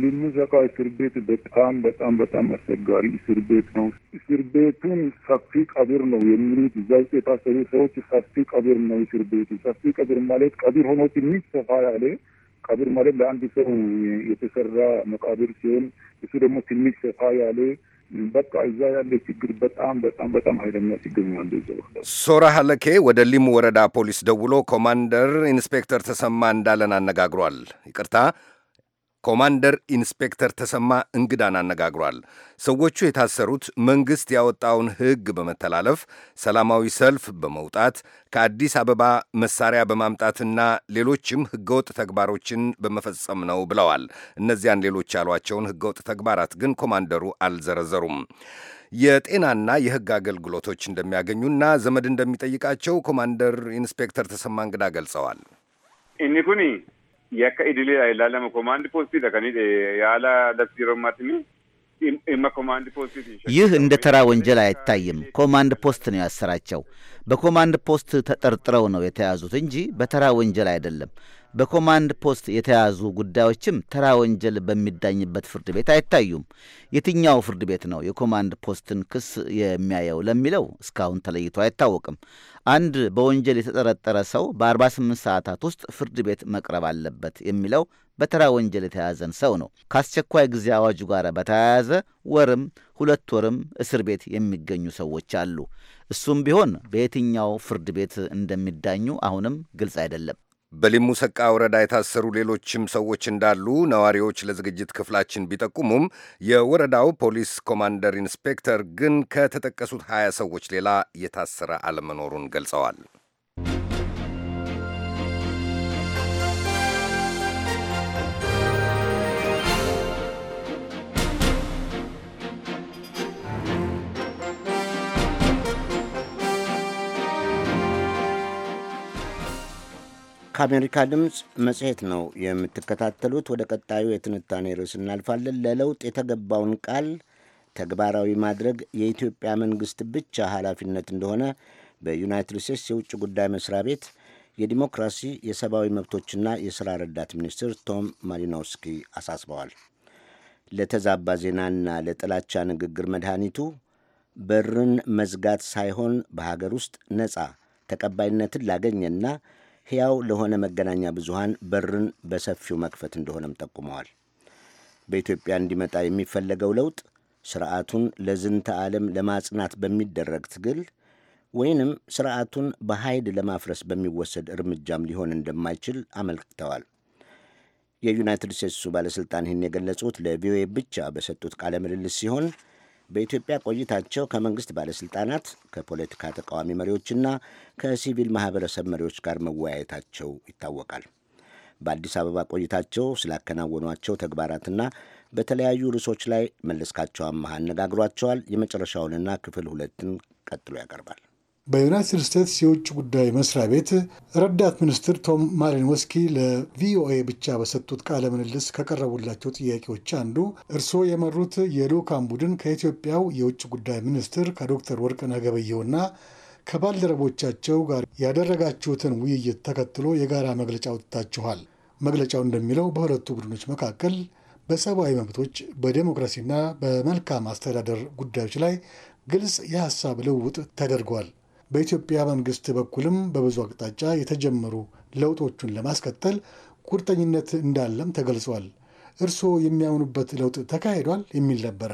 ልንሰቃይ እስር ቤት በጣም በጣም በጣም አስቸጋሪ እስር ቤት ነው። እስር ቤቱን ሰፊ ቀብር ነው የሚሉት እዛ ውስጥ የታሰሩ ሰዎች ሰፊ ቀብር ነው እስር ቤቱ። ሰፊ ቀብር ማለት ቀብር ሆኖ ትንሽ ሰፋ ያለ ቀብር ማለት ለአንድ ሰው የተሰራ መቃብር ሲሆን እሱ ደግሞ ትንሽ ሰፋ ያለ በቃ እዛ ያለ ችግር በጣም በጣም በጣም ኃይለኛ ችግር ነው። እንደ ሶራ ሀለኬ ወደ ሊሙ ወረዳ ፖሊስ ደውሎ ኮማንደር ኢንስፔክተር ተሰማ እንዳለን አነጋግሯል። ይቅርታ ኮማንደር ኢንስፔክተር ተሰማ እንግዳን አነጋግሯል። ሰዎቹ የታሰሩት መንግሥት ያወጣውን ሕግ በመተላለፍ ሰላማዊ ሰልፍ በመውጣት ከአዲስ አበባ መሳሪያ በማምጣትና ሌሎችም ሕገወጥ ተግባሮችን በመፈጸም ነው ብለዋል። እነዚያን ሌሎች ያሏቸውን ሕገወጥ ተግባራት ግን ኮማንደሩ አልዘረዘሩም። የጤናና የሕግ አገልግሎቶች እንደሚያገኙና ዘመድ እንደሚጠይቃቸው ኮማንደር ኢንስፔክተር ተሰማ እንግዳ ገልጸዋል። ኢኒኩኒ yakka idileedha ilaallama komaandi poostii dha kan yaala dhabsii Rommaatiin. ይህ እንደ ተራ ወንጀል አይታይም። ኮማንድ ፖስት ነው ያሰራቸው። በኮማንድ ፖስት ተጠርጥረው ነው የተያዙት እንጂ በተራ ወንጀል አይደለም። በኮማንድ ፖስት የተያዙ ጉዳዮችም ተራ ወንጀል በሚዳኝበት ፍርድ ቤት አይታዩም። የትኛው ፍርድ ቤት ነው የኮማንድ ፖስትን ክስ የሚያየው ለሚለው እስካሁን ተለይቶ አይታወቅም። አንድ በወንጀል የተጠረጠረ ሰው በ48 ሰዓታት ውስጥ ፍርድ ቤት መቅረብ አለበት የሚለው በተራ ወንጀል የተያዘን ሰው ነው። ከአስቸኳይ ጊዜ አዋጁ ጋር በተያያዘ ወርም ሁለት ወርም እስር ቤት የሚገኙ ሰዎች አሉ። እሱም ቢሆን በየትኛው ፍርድ ቤት እንደሚዳኙ አሁንም ግልጽ አይደለም። በሊሙ ሰቃ ወረዳ የታሰሩ ሌሎችም ሰዎች እንዳሉ ነዋሪዎች ለዝግጅት ክፍላችን ቢጠቁሙም የወረዳው ፖሊስ ኮማንደር ኢንስፔክተር ግን ከተጠቀሱት ሀያ ሰዎች ሌላ የታሰረ አለመኖሩን ገልጸዋል። ከአሜሪካ ድምፅ መጽሔት ነው የምትከታተሉት። ወደ ቀጣዩ የትንታኔ ርዕስ እናልፋለን። ለለውጥ የተገባውን ቃል ተግባራዊ ማድረግ የኢትዮጵያ መንግስት ብቻ ኃላፊነት እንደሆነ በዩናይትድ ስቴትስ የውጭ ጉዳይ መስሪያ ቤት የዲሞክራሲ የሰብአዊ መብቶችና የሥራ ረዳት ሚኒስትር ቶም ማሊኖውስኪ አሳስበዋል። ለተዛባ ዜናና ለጥላቻ ንግግር መድኃኒቱ በርን መዝጋት ሳይሆን በሀገር ውስጥ ነፃ ተቀባይነትን ላገኘና ሕያው ለሆነ መገናኛ ብዙሃን በርን በሰፊው መክፈት እንደሆነም ጠቁመዋል። በኢትዮጵያ እንዲመጣ የሚፈለገው ለውጥ ስርዓቱን ለዝንተ ዓለም ለማጽናት በሚደረግ ትግል ወይንም ስርዓቱን በኃይል ለማፍረስ በሚወሰድ እርምጃም ሊሆን እንደማይችል አመልክተዋል። የዩናይትድ ስቴትሱ ባለሥልጣን ይህን የገለጹት ለቪኦኤ ብቻ በሰጡት ቃለ ምልልስ ሲሆን በኢትዮጵያ ቆይታቸው ከመንግስት ባለሥልጣናት ከፖለቲካ ተቃዋሚ መሪዎችና ከሲቪል ማኅበረሰብ መሪዎች ጋር መወያየታቸው ይታወቃል። በአዲስ አበባ ቆይታቸው ስላከናወኗቸው ተግባራትና በተለያዩ ርዕሶች ላይ መለስካቸው አመሃ አነጋግሯቸዋል። የመጨረሻውንና ክፍል ሁለትን ቀጥሎ ያቀርባል። በዩናይትድ ስቴትስ የውጭ ጉዳይ መስሪያ ቤት ረዳት ሚኒስትር ቶም ማሊኖስኪ ለቪኦኤ ብቻ በሰጡት ቃለ ምልልስ ከቀረቡላቸው ጥያቄዎች አንዱ እርስዎ የመሩት የልዑካን ቡድን ከኢትዮጵያው የውጭ ጉዳይ ሚኒስትር ከዶክተር ወርቅነህ ገበየሁና ከባልደረቦቻቸው ጋር ያደረጋችሁትን ውይይት ተከትሎ የጋራ መግለጫ ወጥታችኋል። መግለጫው እንደሚለው በሁለቱ ቡድኖች መካከል በሰብአዊ መብቶች በዴሞክራሲና በመልካም አስተዳደር ጉዳዮች ላይ ግልጽ የሀሳብ ልውውጥ ተደርጓል። በኢትዮጵያ መንግስት በኩልም በብዙ አቅጣጫ የተጀመሩ ለውጦቹን ለማስከተል ቁርጠኝነት እንዳለም ተገልጿል። እርስዎ የሚያምኑበት ለውጥ ተካሂዷል የሚል ነበረ።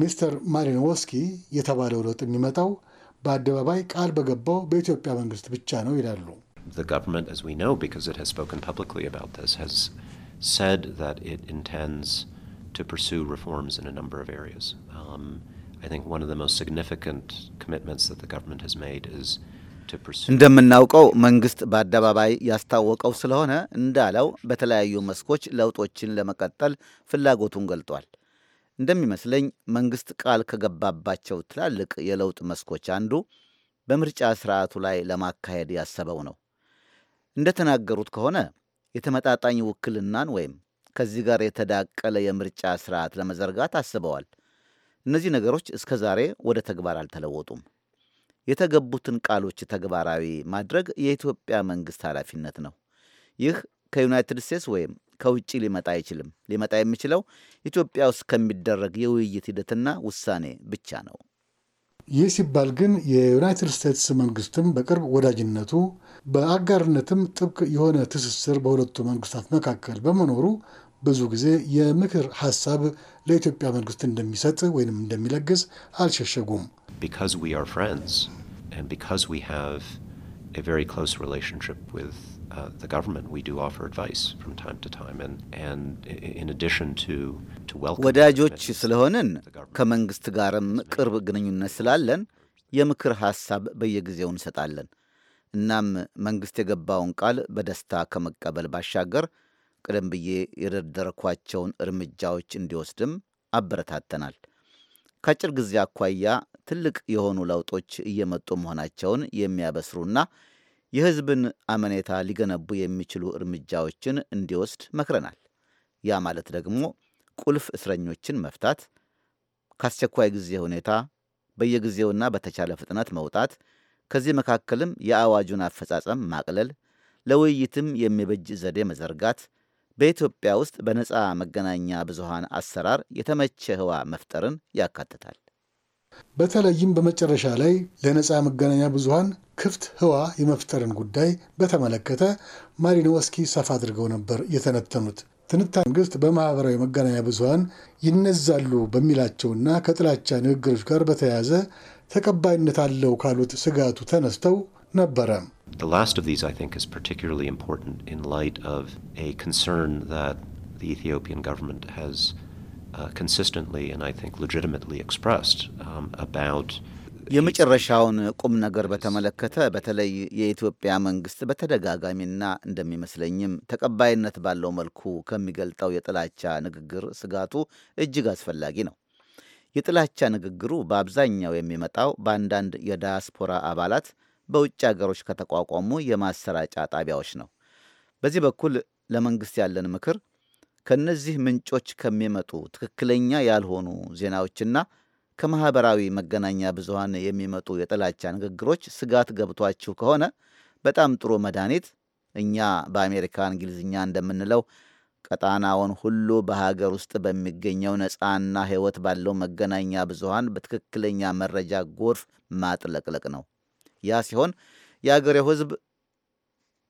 ሚስተር ማሊኖወስኪ የተባለው ለውጥ የሚመጣው በአደባባይ ቃል በገባው በኢትዮጵያ መንግስት ብቻ ነው ይላሉ። እንደምናውቀው መንግስት በአደባባይ ያስታወቀው ስለሆነ እንዳለው በተለያዩ መስኮች ለውጦችን ለመቀጠል ፍላጎቱን ገልጧል። እንደሚመስለኝ መንግስት ቃል ከገባባቸው ትላልቅ የለውጥ መስኮች አንዱ በምርጫ ስርዓቱ ላይ ለማካሄድ ያሰበው ነው። እንደተናገሩት ከሆነ የተመጣጣኝ ውክልናን ወይም ከዚህ ጋር የተዳቀለ የምርጫ ስርዓት ለመዘርጋት አስበዋል። እነዚህ ነገሮች እስከ ዛሬ ወደ ተግባር አልተለወጡም። የተገቡትን ቃሎች ተግባራዊ ማድረግ የኢትዮጵያ መንግሥት ኃላፊነት ነው። ይህ ከዩናይትድ ስቴትስ ወይም ከውጭ ሊመጣ አይችልም። ሊመጣ የሚችለው ኢትዮጵያ ውስጥ ከሚደረግ የውይይት ሂደትና ውሳኔ ብቻ ነው። ይህ ሲባል ግን የዩናይትድ ስቴትስ መንግስትም በቅርብ ወዳጅነቱ በአጋርነትም ጥብቅ የሆነ ትስስር በሁለቱ መንግስታት መካከል በመኖሩ ብዙ ጊዜ የምክር ሀሳብ ለኢትዮጵያ መንግስት እንደሚሰጥ ወይንም እንደሚለግስ አልሸሸጉም። ወዳጆች ስለሆንን ከመንግስት ጋርም ቅርብ ግንኙነት ስላለን የምክር ሐሳብ በየጊዜው እንሰጣለን። እናም መንግስት የገባውን ቃል በደስታ ከመቀበል ባሻገር ቀደም ብዬ የደረደርኳቸውን እርምጃዎች እንዲወስድም አበረታተናል። ከአጭር ጊዜ አኳያ ትልቅ የሆኑ ለውጦች እየመጡ መሆናቸውን የሚያበስሩና የሕዝብን አመኔታ ሊገነቡ የሚችሉ እርምጃዎችን እንዲወስድ መክረናል። ያ ማለት ደግሞ ቁልፍ እስረኞችን መፍታት፣ ከአስቸኳይ ጊዜ ሁኔታ በየጊዜውና በተቻለ ፍጥነት መውጣት፣ ከዚህ መካከልም የአዋጁን አፈጻጸም ማቅለል፣ ለውይይትም የሚበጅ ዘዴ መዘርጋት በኢትዮጵያ ውስጥ በነፃ መገናኛ ብዙሃን አሰራር የተመቸ ህዋ መፍጠርን ያካትታል። በተለይም በመጨረሻ ላይ ለነፃ መገናኛ ብዙሃን ክፍት ህዋ የመፍጠርን ጉዳይ በተመለከተ ማሪኖወስኪ ሰፋ አድርገው ነበር የተነተኑት። ትንታኔ መንግስት በማህበራዊ መገናኛ ብዙሀን ይነዛሉ በሚላቸውና ከጥላቻ ንግግሮች ጋር በተያያዘ ተቀባይነት አለው ካሉት ስጋቱ ተነስተው ነበረ። The last of these, I think, is particularly important in light of a concern that the Ethiopian government has uh, consistently and I think legitimately expressed um, about የመጨረሻውን ቁም ነገር በተመለከተ በተለይ የኢትዮጵያ መንግስት በተደጋጋሚና እንደሚመስለኝም ተቀባይነት ባለው መልኩ ከሚገልጠው የጥላቻ ንግግር ስጋቱ እጅግ አስፈላጊ ነው። የጥላቻ ንግግሩ በአብዛኛው የሚመጣው በአንዳንድ የዳያስፖራ አባላት በውጭ ሀገሮች ከተቋቋሙ የማሰራጫ ጣቢያዎች ነው። በዚህ በኩል ለመንግስት ያለን ምክር ከእነዚህ ምንጮች ከሚመጡ ትክክለኛ ያልሆኑ ዜናዎችና ከማኅበራዊ መገናኛ ብዙሃን የሚመጡ የጥላቻ ንግግሮች ስጋት ገብቷችሁ ከሆነ በጣም ጥሩ መድኃኒት እኛ በአሜሪካ እንግሊዝኛ እንደምንለው ቀጣናውን ሁሉ በሀገር ውስጥ በሚገኘው ነፃና ሕይወት ባለው መገናኛ ብዙሃን በትክክለኛ መረጃ ጎርፍ ማጥለቅለቅ ነው። ያ ሲሆን የአገሬው ሕዝብ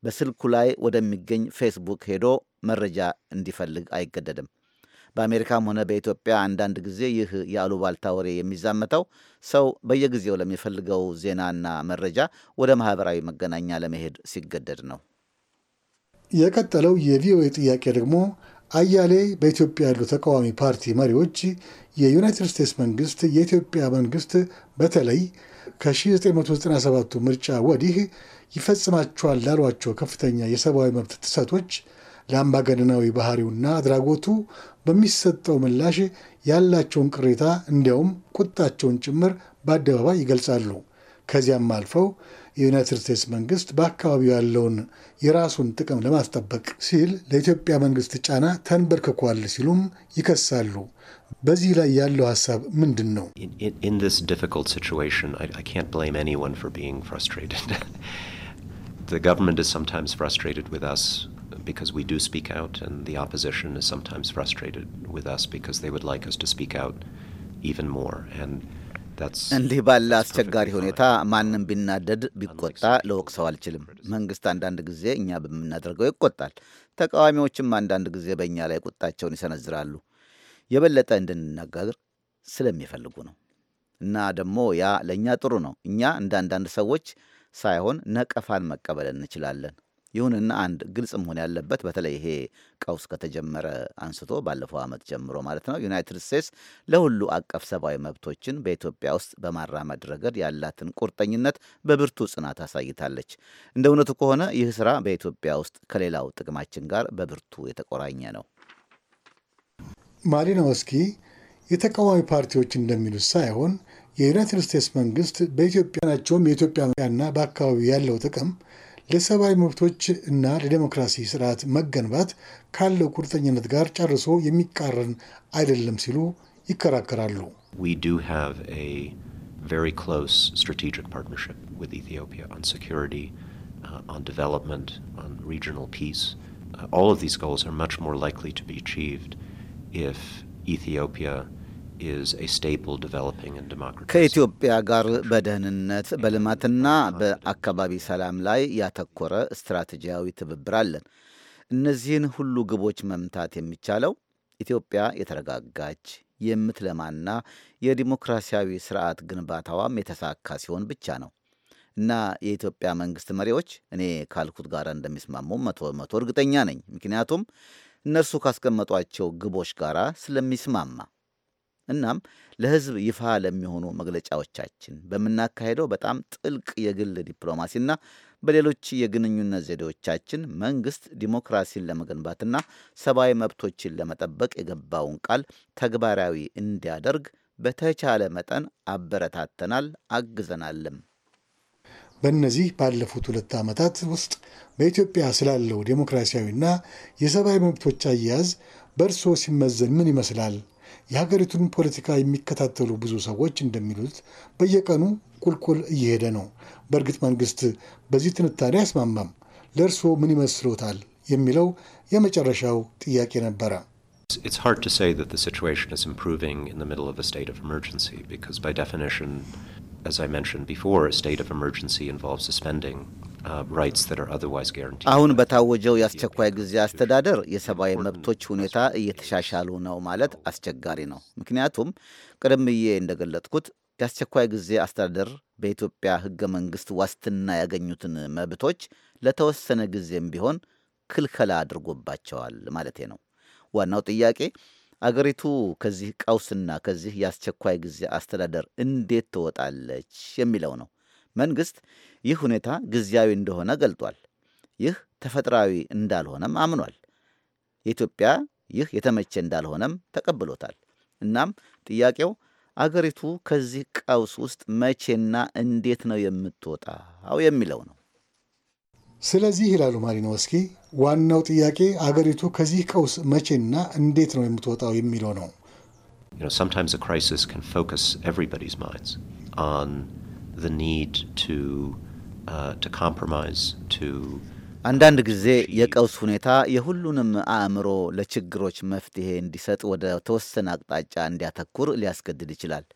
በስልኩ ላይ ወደሚገኝ ፌስቡክ ሄዶ መረጃ እንዲፈልግ አይገደድም። በአሜሪካም ሆነ በኢትዮጵያ አንዳንድ ጊዜ ይህ የአሉባልታ ወሬ የሚዛመተው ሰው በየጊዜው ለሚፈልገው ዜናና መረጃ ወደ ማህበራዊ መገናኛ ለመሄድ ሲገደድ ነው። የቀጠለው የቪኦኤ ጥያቄ ደግሞ አያሌ በኢትዮጵያ ያሉ ተቃዋሚ ፓርቲ መሪዎች የዩናይትድ ስቴትስ መንግስት የኢትዮጵያ መንግስት በተለይ ከ1997 ምርጫ ወዲህ ይፈጽማቸዋል ላሏቸው ከፍተኛ የሰብአዊ መብት ጥሰቶች ለአምባገነናዊ ባህሪውና አድራጎቱ በሚሰጠው ምላሽ ያላቸውን ቅሬታ እንዲያውም ቁጣቸውን ጭምር በአደባባይ ይገልጻሉ። ከዚያም አልፈው የዩናይትድ ስቴትስ መንግስት በአካባቢው ያለውን የራሱን ጥቅም ለማስጠበቅ ሲል ለኢትዮጵያ መንግስት ጫና ተንበርክኳል ሲሉም ይከሳሉ። በዚህ ላይ ያለው ሀሳብ ምንድን ነው? <laughs> because we do speak out, and the opposition is sometimes frustrated with us because they would like us to speak out even more. And እንዲህ ባለ አስቸጋሪ ሁኔታ ማንም ቢናደድ ቢቆጣ ለወቅሰው አልችልም። መንግስት አንዳንድ ጊዜ እኛ በምናደርገው ይቆጣል። ተቃዋሚዎችም አንዳንድ ጊዜ በእኛ ላይ ቁጣቸውን ይሰነዝራሉ። የበለጠ እንድንነጋገር ስለሚፈልጉ ነው። እና ደግሞ ያ ለእኛ ጥሩ ነው። እኛ እንደ አንዳንድ ሰዎች ሳይሆን ነቀፋን መቀበል እንችላለን። ይሁንና አንድ ግልጽ መሆን ያለበት በተለይ ይሄ ቀውስ ከተጀመረ አንስቶ ባለፈው ዓመት ጀምሮ ማለት ነው ዩናይትድ ስቴትስ ለሁሉ አቀፍ ሰብአዊ መብቶችን በኢትዮጵያ ውስጥ በማራመድ ረገድ ያላትን ቁርጠኝነት በብርቱ ጽናት አሳይታለች። እንደ እውነቱ ከሆነ ይህ ስራ በኢትዮጵያ ውስጥ ከሌላው ጥቅማችን ጋር በብርቱ የተቆራኘ ነው። ማሊኖስኪ የተቃዋሚ ፓርቲዎች እንደሚሉት ሳይሆን የዩናይትድ ስቴትስ መንግስት በኢትዮጵያ ናቸውም የኢትዮጵያና በአካባቢው ያለው ጥቅም ለሰብአዊ መብቶች እና ለዴሞክራሲ ስርዓት መገንባት ካለው ቁርጠኝነት ጋር ጨርሶ የሚቃረን አይደለም ሲሉ ይከራከራሉ። ኢትዮጵያ ፒስ ቢ ከኢትዮጵያ ጋር በደህንነት በልማትና በአካባቢ ሰላም ላይ ያተኮረ ስትራቴጂያዊ ትብብር አለን። እነዚህን ሁሉ ግቦች መምታት የሚቻለው ኢትዮጵያ የተረጋጋች የምትለማና የዲሞክራሲያዊ ስርዓት ግንባታዋም የተሳካ ሲሆን ብቻ ነው እና የኢትዮጵያ መንግስት መሪዎች እኔ ካልኩት ጋር እንደሚስማሙ መቶ በመቶ እርግጠኛ ነኝ። ምክንያቱም እነርሱ ካስቀመጧቸው ግቦች ጋር ስለሚስማማ እናም ለሕዝብ ይፋ ለሚሆኑ መግለጫዎቻችን በምናካሄደው በጣም ጥልቅ የግል ዲፕሎማሲና በሌሎች የግንኙነት ዘዴዎቻችን መንግሥት ዲሞክራሲን ለመገንባትና ሰብአዊ መብቶችን ለመጠበቅ የገባውን ቃል ተግባራዊ እንዲያደርግ በተቻለ መጠን አበረታተናል፣ አግዘናልም። በእነዚህ ባለፉት ሁለት ዓመታት ውስጥ በኢትዮጵያ ስላለው ዴሞክራሲያዊና የሰብአዊ መብቶች አያያዝ በእርስዎ ሲመዘን ምን ይመስላል? የሀገሪቱን ፖለቲካ የሚከታተሉ ብዙ ሰዎች እንደሚሉት በየቀኑ ቁልቁል እየሄደ ነው። በእርግጥ መንግስት በዚህ ትንታኔ አያስማማም። ለእርስዎ ምን ይመስሎታል? የሚለው የመጨረሻው ጥያቄ ነበረ። It's hard to say that the situation is improving in the middle of a state of emergency because, by definition, አሁን በታወጀው የአስቸኳይ ጊዜ አስተዳደር የሰብአዊ መብቶች ሁኔታ እየተሻሻሉ ነው ማለት አስቸጋሪ ነው። ምክንያቱም ቅድምዬ እንደገለጥኩት የአስቸኳይ ጊዜ አስተዳደር በኢትዮጵያ ሕገ መንግስት ዋስትና ያገኙትን መብቶች ለተወሰነ ጊዜም ቢሆን ክልከላ አድርጎባቸዋል ማለቴ ነው። ዋናው ጥያቄ አገሪቱ ከዚህ ቀውስና ከዚህ የአስቸኳይ ጊዜ አስተዳደር እንዴት ትወጣለች የሚለው ነው። መንግስት ይህ ሁኔታ ጊዜያዊ እንደሆነ ገልጧል። ይህ ተፈጥሯዊ እንዳልሆነም አምኗል። የኢትዮጵያ ይህ የተመቼ እንዳልሆነም ተቀብሎታል። እናም ጥያቄው አገሪቱ ከዚህ ቀውስ ውስጥ መቼና እንዴት ነው የምትወጣው የሚለው ነው። ስለዚህ ይላሉ ማሊኖውስኪ፣ ዋናው ጥያቄ አገሪቱ ከዚህ ቀውስ መቼና እንዴት ነው የምትወጣው የሚለው ነው። uh, አንዳንድ ጊዜ የቀውስ ሁኔታ የሁሉንም አእምሮ ለችግሮች መፍትሄ እንዲሰጥ ወደ ተወሰነ አቅጣጫ እንዲያተኩር ሊያስገድድ ይችላል።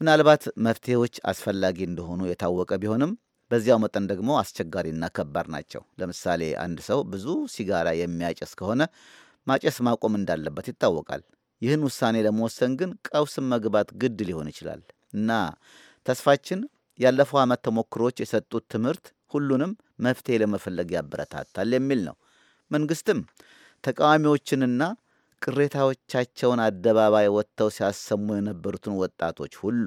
ምናልባት መፍትሄዎች አስፈላጊ እንደሆኑ የታወቀ ቢሆንም በዚያው መጠን ደግሞ አስቸጋሪና ከባድ ናቸው። ለምሳሌ አንድ ሰው ብዙ ሲጋራ የሚያጨስ ከሆነ ማጨስ ማቆም እንዳለበት ይታወቃል። ይህን ውሳኔ ለመወሰን ግን ቀውስን መግባት ግድ ሊሆን ይችላል እና ተስፋችን ያለፈው ዓመት ተሞክሮች የሰጡት ትምህርት ሁሉንም መፍትሄ ለመፈለግ ያበረታታል የሚል ነው። መንግስትም ተቃዋሚዎችንና ቅሬታዎቻቸውን አደባባይ ወጥተው ሲያሰሙ የነበሩትን ወጣቶች ሁሉ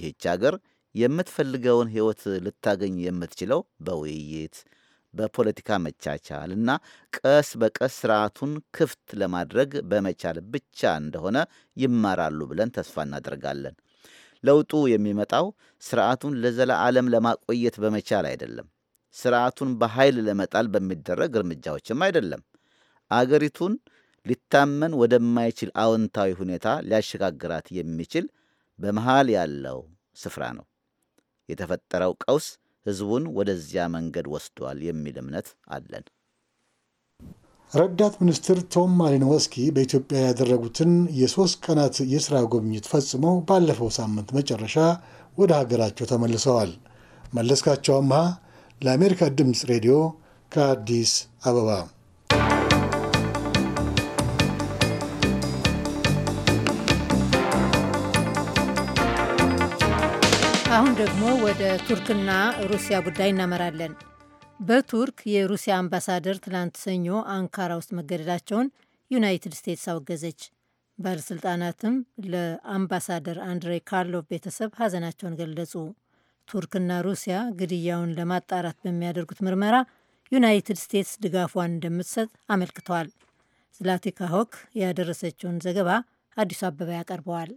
ይህች አገር የምትፈልገውን ሕይወት ልታገኝ የምትችለው በውይይት በፖለቲካ መቻቻል እና ቀስ በቀስ ስርዓቱን ክፍት ለማድረግ በመቻል ብቻ እንደሆነ ይማራሉ ብለን ተስፋ እናደርጋለን። ለውጡ የሚመጣው ስርዓቱን ለዘላለም ለማቆየት በመቻል አይደለም። ስርዓቱን በኃይል ለመጣል በሚደረግ እርምጃዎችም አይደለም። አገሪቱን ሊታመን ወደማይችል አዎንታዊ ሁኔታ ሊያሸጋግራት የሚችል በመሃል ያለው ስፍራ ነው። የተፈጠረው ቀውስ ህዝቡን ወደዚያ መንገድ ወስዷል የሚል እምነት አለን። ረዳት ሚኒስትር ቶም ማሊኖወስኪ በኢትዮጵያ ያደረጉትን የሶስት ቀናት የሥራ ጉብኝት ፈጽመው ባለፈው ሳምንት መጨረሻ ወደ ሀገራቸው ተመልሰዋል። መለስካቸው አምሃ ለአሜሪካ ድምፅ ሬዲዮ ከአዲስ አበባ አሁን ደግሞ ወደ ቱርክና ሩሲያ ጉዳይ እናመራለን። በቱርክ የሩሲያ አምባሳደር ትላንት ሰኞ አንካራ ውስጥ መገደላቸውን ዩናይትድ ስቴትስ አወገዘች። ባለሥልጣናትም ለአምባሳደር አንድሬ ካርሎቭ ቤተሰብ ሐዘናቸውን ገለጹ። ቱርክና ሩሲያ ግድያውን ለማጣራት በሚያደርጉት ምርመራ ዩናይትድ ስቴትስ ድጋፏን እንደምትሰጥ አመልክተዋል። ዝላቲካ ሆክ ያደረሰችውን ዘገባ አዲሱ አበባ ያቀርበዋል።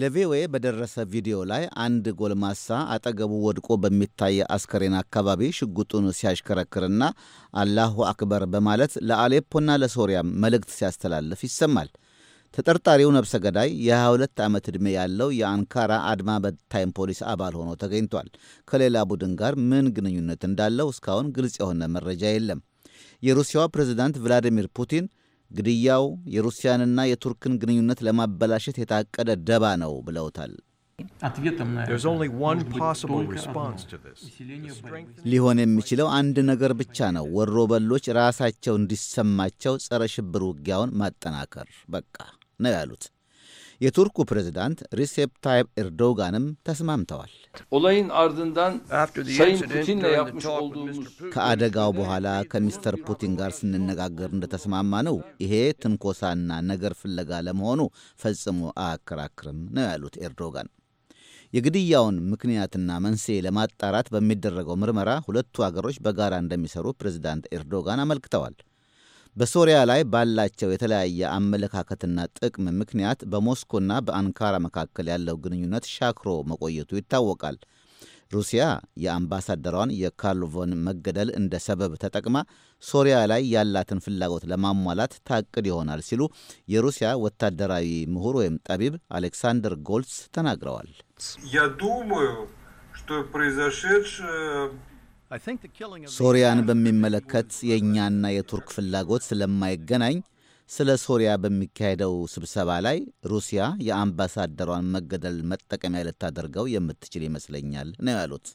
ለቪኦኤ በደረሰ ቪዲዮ ላይ አንድ ጎልማሳ አጠገቡ ወድቆ በሚታይ አስከሬን አካባቢ ሽጉጡን ሲያሽከረክርና አላሁ አክበር በማለት ለአሌፖና ለሶሪያ መልእክት ሲያስተላልፍ ይሰማል። ተጠርጣሪው ነብሰ ገዳይ የ22 ዓመት ዕድሜ ያለው የአንካራ አድማ በታይም ፖሊስ አባል ሆኖ ተገኝቷል። ከሌላ ቡድን ጋር ምን ግንኙነት እንዳለው እስካሁን ግልጽ የሆነ መረጃ የለም። የሩሲያዋ ፕሬዝዳንት ቭላዲሚር ፑቲን ግድያው የሩሲያንና የቱርክን ግንኙነት ለማበላሸት የታቀደ ደባ ነው ብለውታል። ሊሆን የሚችለው አንድ ነገር ብቻ ነው። ወሮ በሎች ራሳቸው እንዲሰማቸው ጸረ ሽብር ውጊያውን ማጠናከር በቃ ነው ያሉት። የቱርኩ ፕሬዝዳንት ሪሴፕ ታይፕ ኤርዶጋንም ተስማምተዋል። ኦላይን ከአደጋው በኋላ ከሚስተር ፑቲን ጋር ስንነጋገር እንደተስማማ ነው። ይሄ ትንኮሳና ነገር ፍለጋ ለመሆኑ ፈጽሞ አያከራክርም ነው ያሉት ኤርዶጋን። የግድያውን ምክንያትና መንስኤ ለማጣራት በሚደረገው ምርመራ ሁለቱ አገሮች በጋራ እንደሚሰሩ ፕሬዝዳንት ኤርዶጋን አመልክተዋል። በሶሪያ ላይ ባላቸው የተለያየ አመለካከትና ጥቅም ምክንያት በሞስኮና በአንካራ መካከል ያለው ግንኙነት ሻክሮ መቆየቱ ይታወቃል። ሩሲያ የአምባሳደሯን የካርልቮን መገደል እንደ ሰበብ ተጠቅማ ሶሪያ ላይ ያላትን ፍላጎት ለማሟላት ታቅድ ይሆናል ሲሉ የሩሲያ ወታደራዊ ምሁር ወይም ጠቢብ አሌክሳንደር ጎልስ ተናግረዋል። ሶሪያን በሚመለከት የእኛና የቱርክ ፍላጎት ስለማይገናኝ ስለ ሶሪያ በሚካሄደው ስብሰባ ላይ ሩሲያ የአምባሳደሯን መገደል መጠቀሚያ ልታደርገው የምትችል ይመስለኛል ነው ያሉት።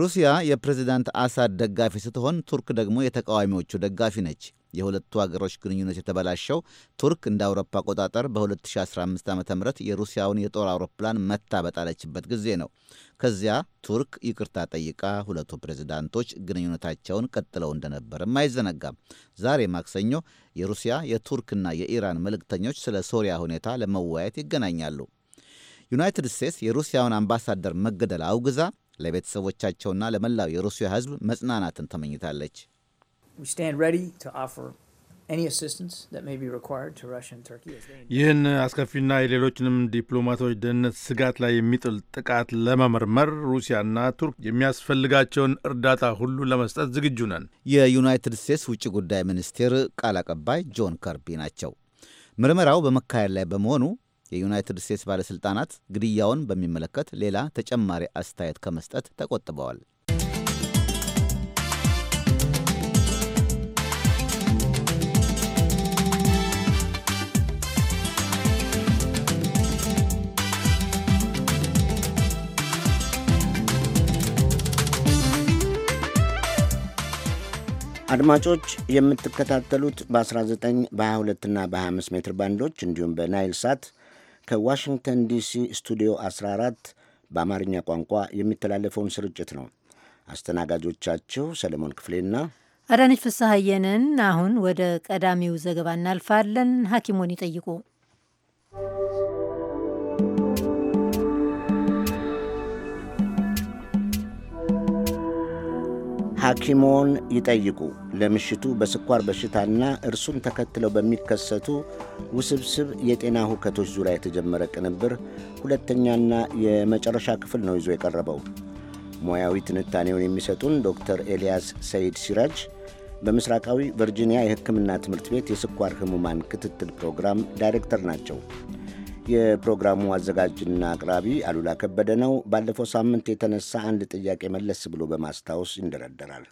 ሩሲያ የፕሬዚዳንት አሳድ ደጋፊ ስትሆን ቱርክ ደግሞ የተቃዋሚዎቹ ደጋፊ ነች። የሁለቱ አገሮች ግንኙነት የተበላሸው ቱርክ እንደ አውሮፓ አቆጣጠር በ2015 ዓ ም የሩሲያውን የጦር አውሮፕላን መታ በጣለችበት ጊዜ ነው። ከዚያ ቱርክ ይቅርታ ጠይቃ ሁለቱ ፕሬዝዳንቶች ግንኙነታቸውን ቀጥለው እንደነበርም አይዘነጋም። ዛሬ ማክሰኞ የሩሲያ የቱርክና የኢራን መልእክተኞች ስለ ሶሪያ ሁኔታ ለመወያየት ይገናኛሉ። ዩናይትድ ስቴትስ የሩሲያውን አምባሳደር መገደል አውግዛ ለቤተሰቦቻቸውና ለመላው የሩሲያ ሕዝብ መጽናናትን ተመኝታለች። ይህን አስከፊና የሌሎችንም ዲፕሎማቶች ደህንነት ስጋት ላይ የሚጥል ጥቃት ለመመርመር ሩሲያና ቱርክ የሚያስፈልጋቸውን እርዳታ ሁሉ ለመስጠት ዝግጁ ነን። የዩናይትድ ስቴትስ ውጭ ጉዳይ ሚኒስቴር ቃል አቀባይ ጆን ከርቢ ናቸው። ምርመራው በመካሄድ ላይ በመሆኑ የዩናይትድ ስቴትስ ባለሥልጣናት ግድያውን በሚመለከት ሌላ ተጨማሪ አስተያየት ከመስጠት ተቆጥበዋል። አድማጮች የምትከታተሉት በ19 በ22ና በ25 ሜትር ባንዶች እንዲሁም በናይል ሳት ከዋሽንግተን ዲሲ ስቱዲዮ 14 በአማርኛ ቋንቋ የሚተላለፈውን ስርጭት ነው። አስተናጋጆቻችሁ ሰለሞን ክፍሌና አዳነች ፍስሐየንን። አሁን ወደ ቀዳሚው ዘገባ እናልፋለን። ሐኪሞን ይጠይቁ ሐኪሞን ይጠይቁ ለምሽቱ በስኳር በሽታና እርሱን ተከትለው በሚከሰቱ ውስብስብ የጤና ሁከቶች ዙሪያ የተጀመረ ቅንብር ሁለተኛና የመጨረሻ ክፍል ነው ይዞ የቀረበው። ሙያዊ ትንታኔውን የሚሰጡን ዶክተር ኤልያስ ሰይድ ሲራጅ በምስራቃዊ ቨርጂኒያ የሕክምና ትምህርት ቤት የስኳር ህሙማን ክትትል ፕሮግራም ዳይሬክተር ናቸው። የፕሮግራሙ አዘጋጅና አቅራቢ አሉላ ከበደ ነው። ባለፈው ሳምንት የተነሳ አንድ ጥያቄ መለስ ብሎ በማስታወስ ይንደረደራል።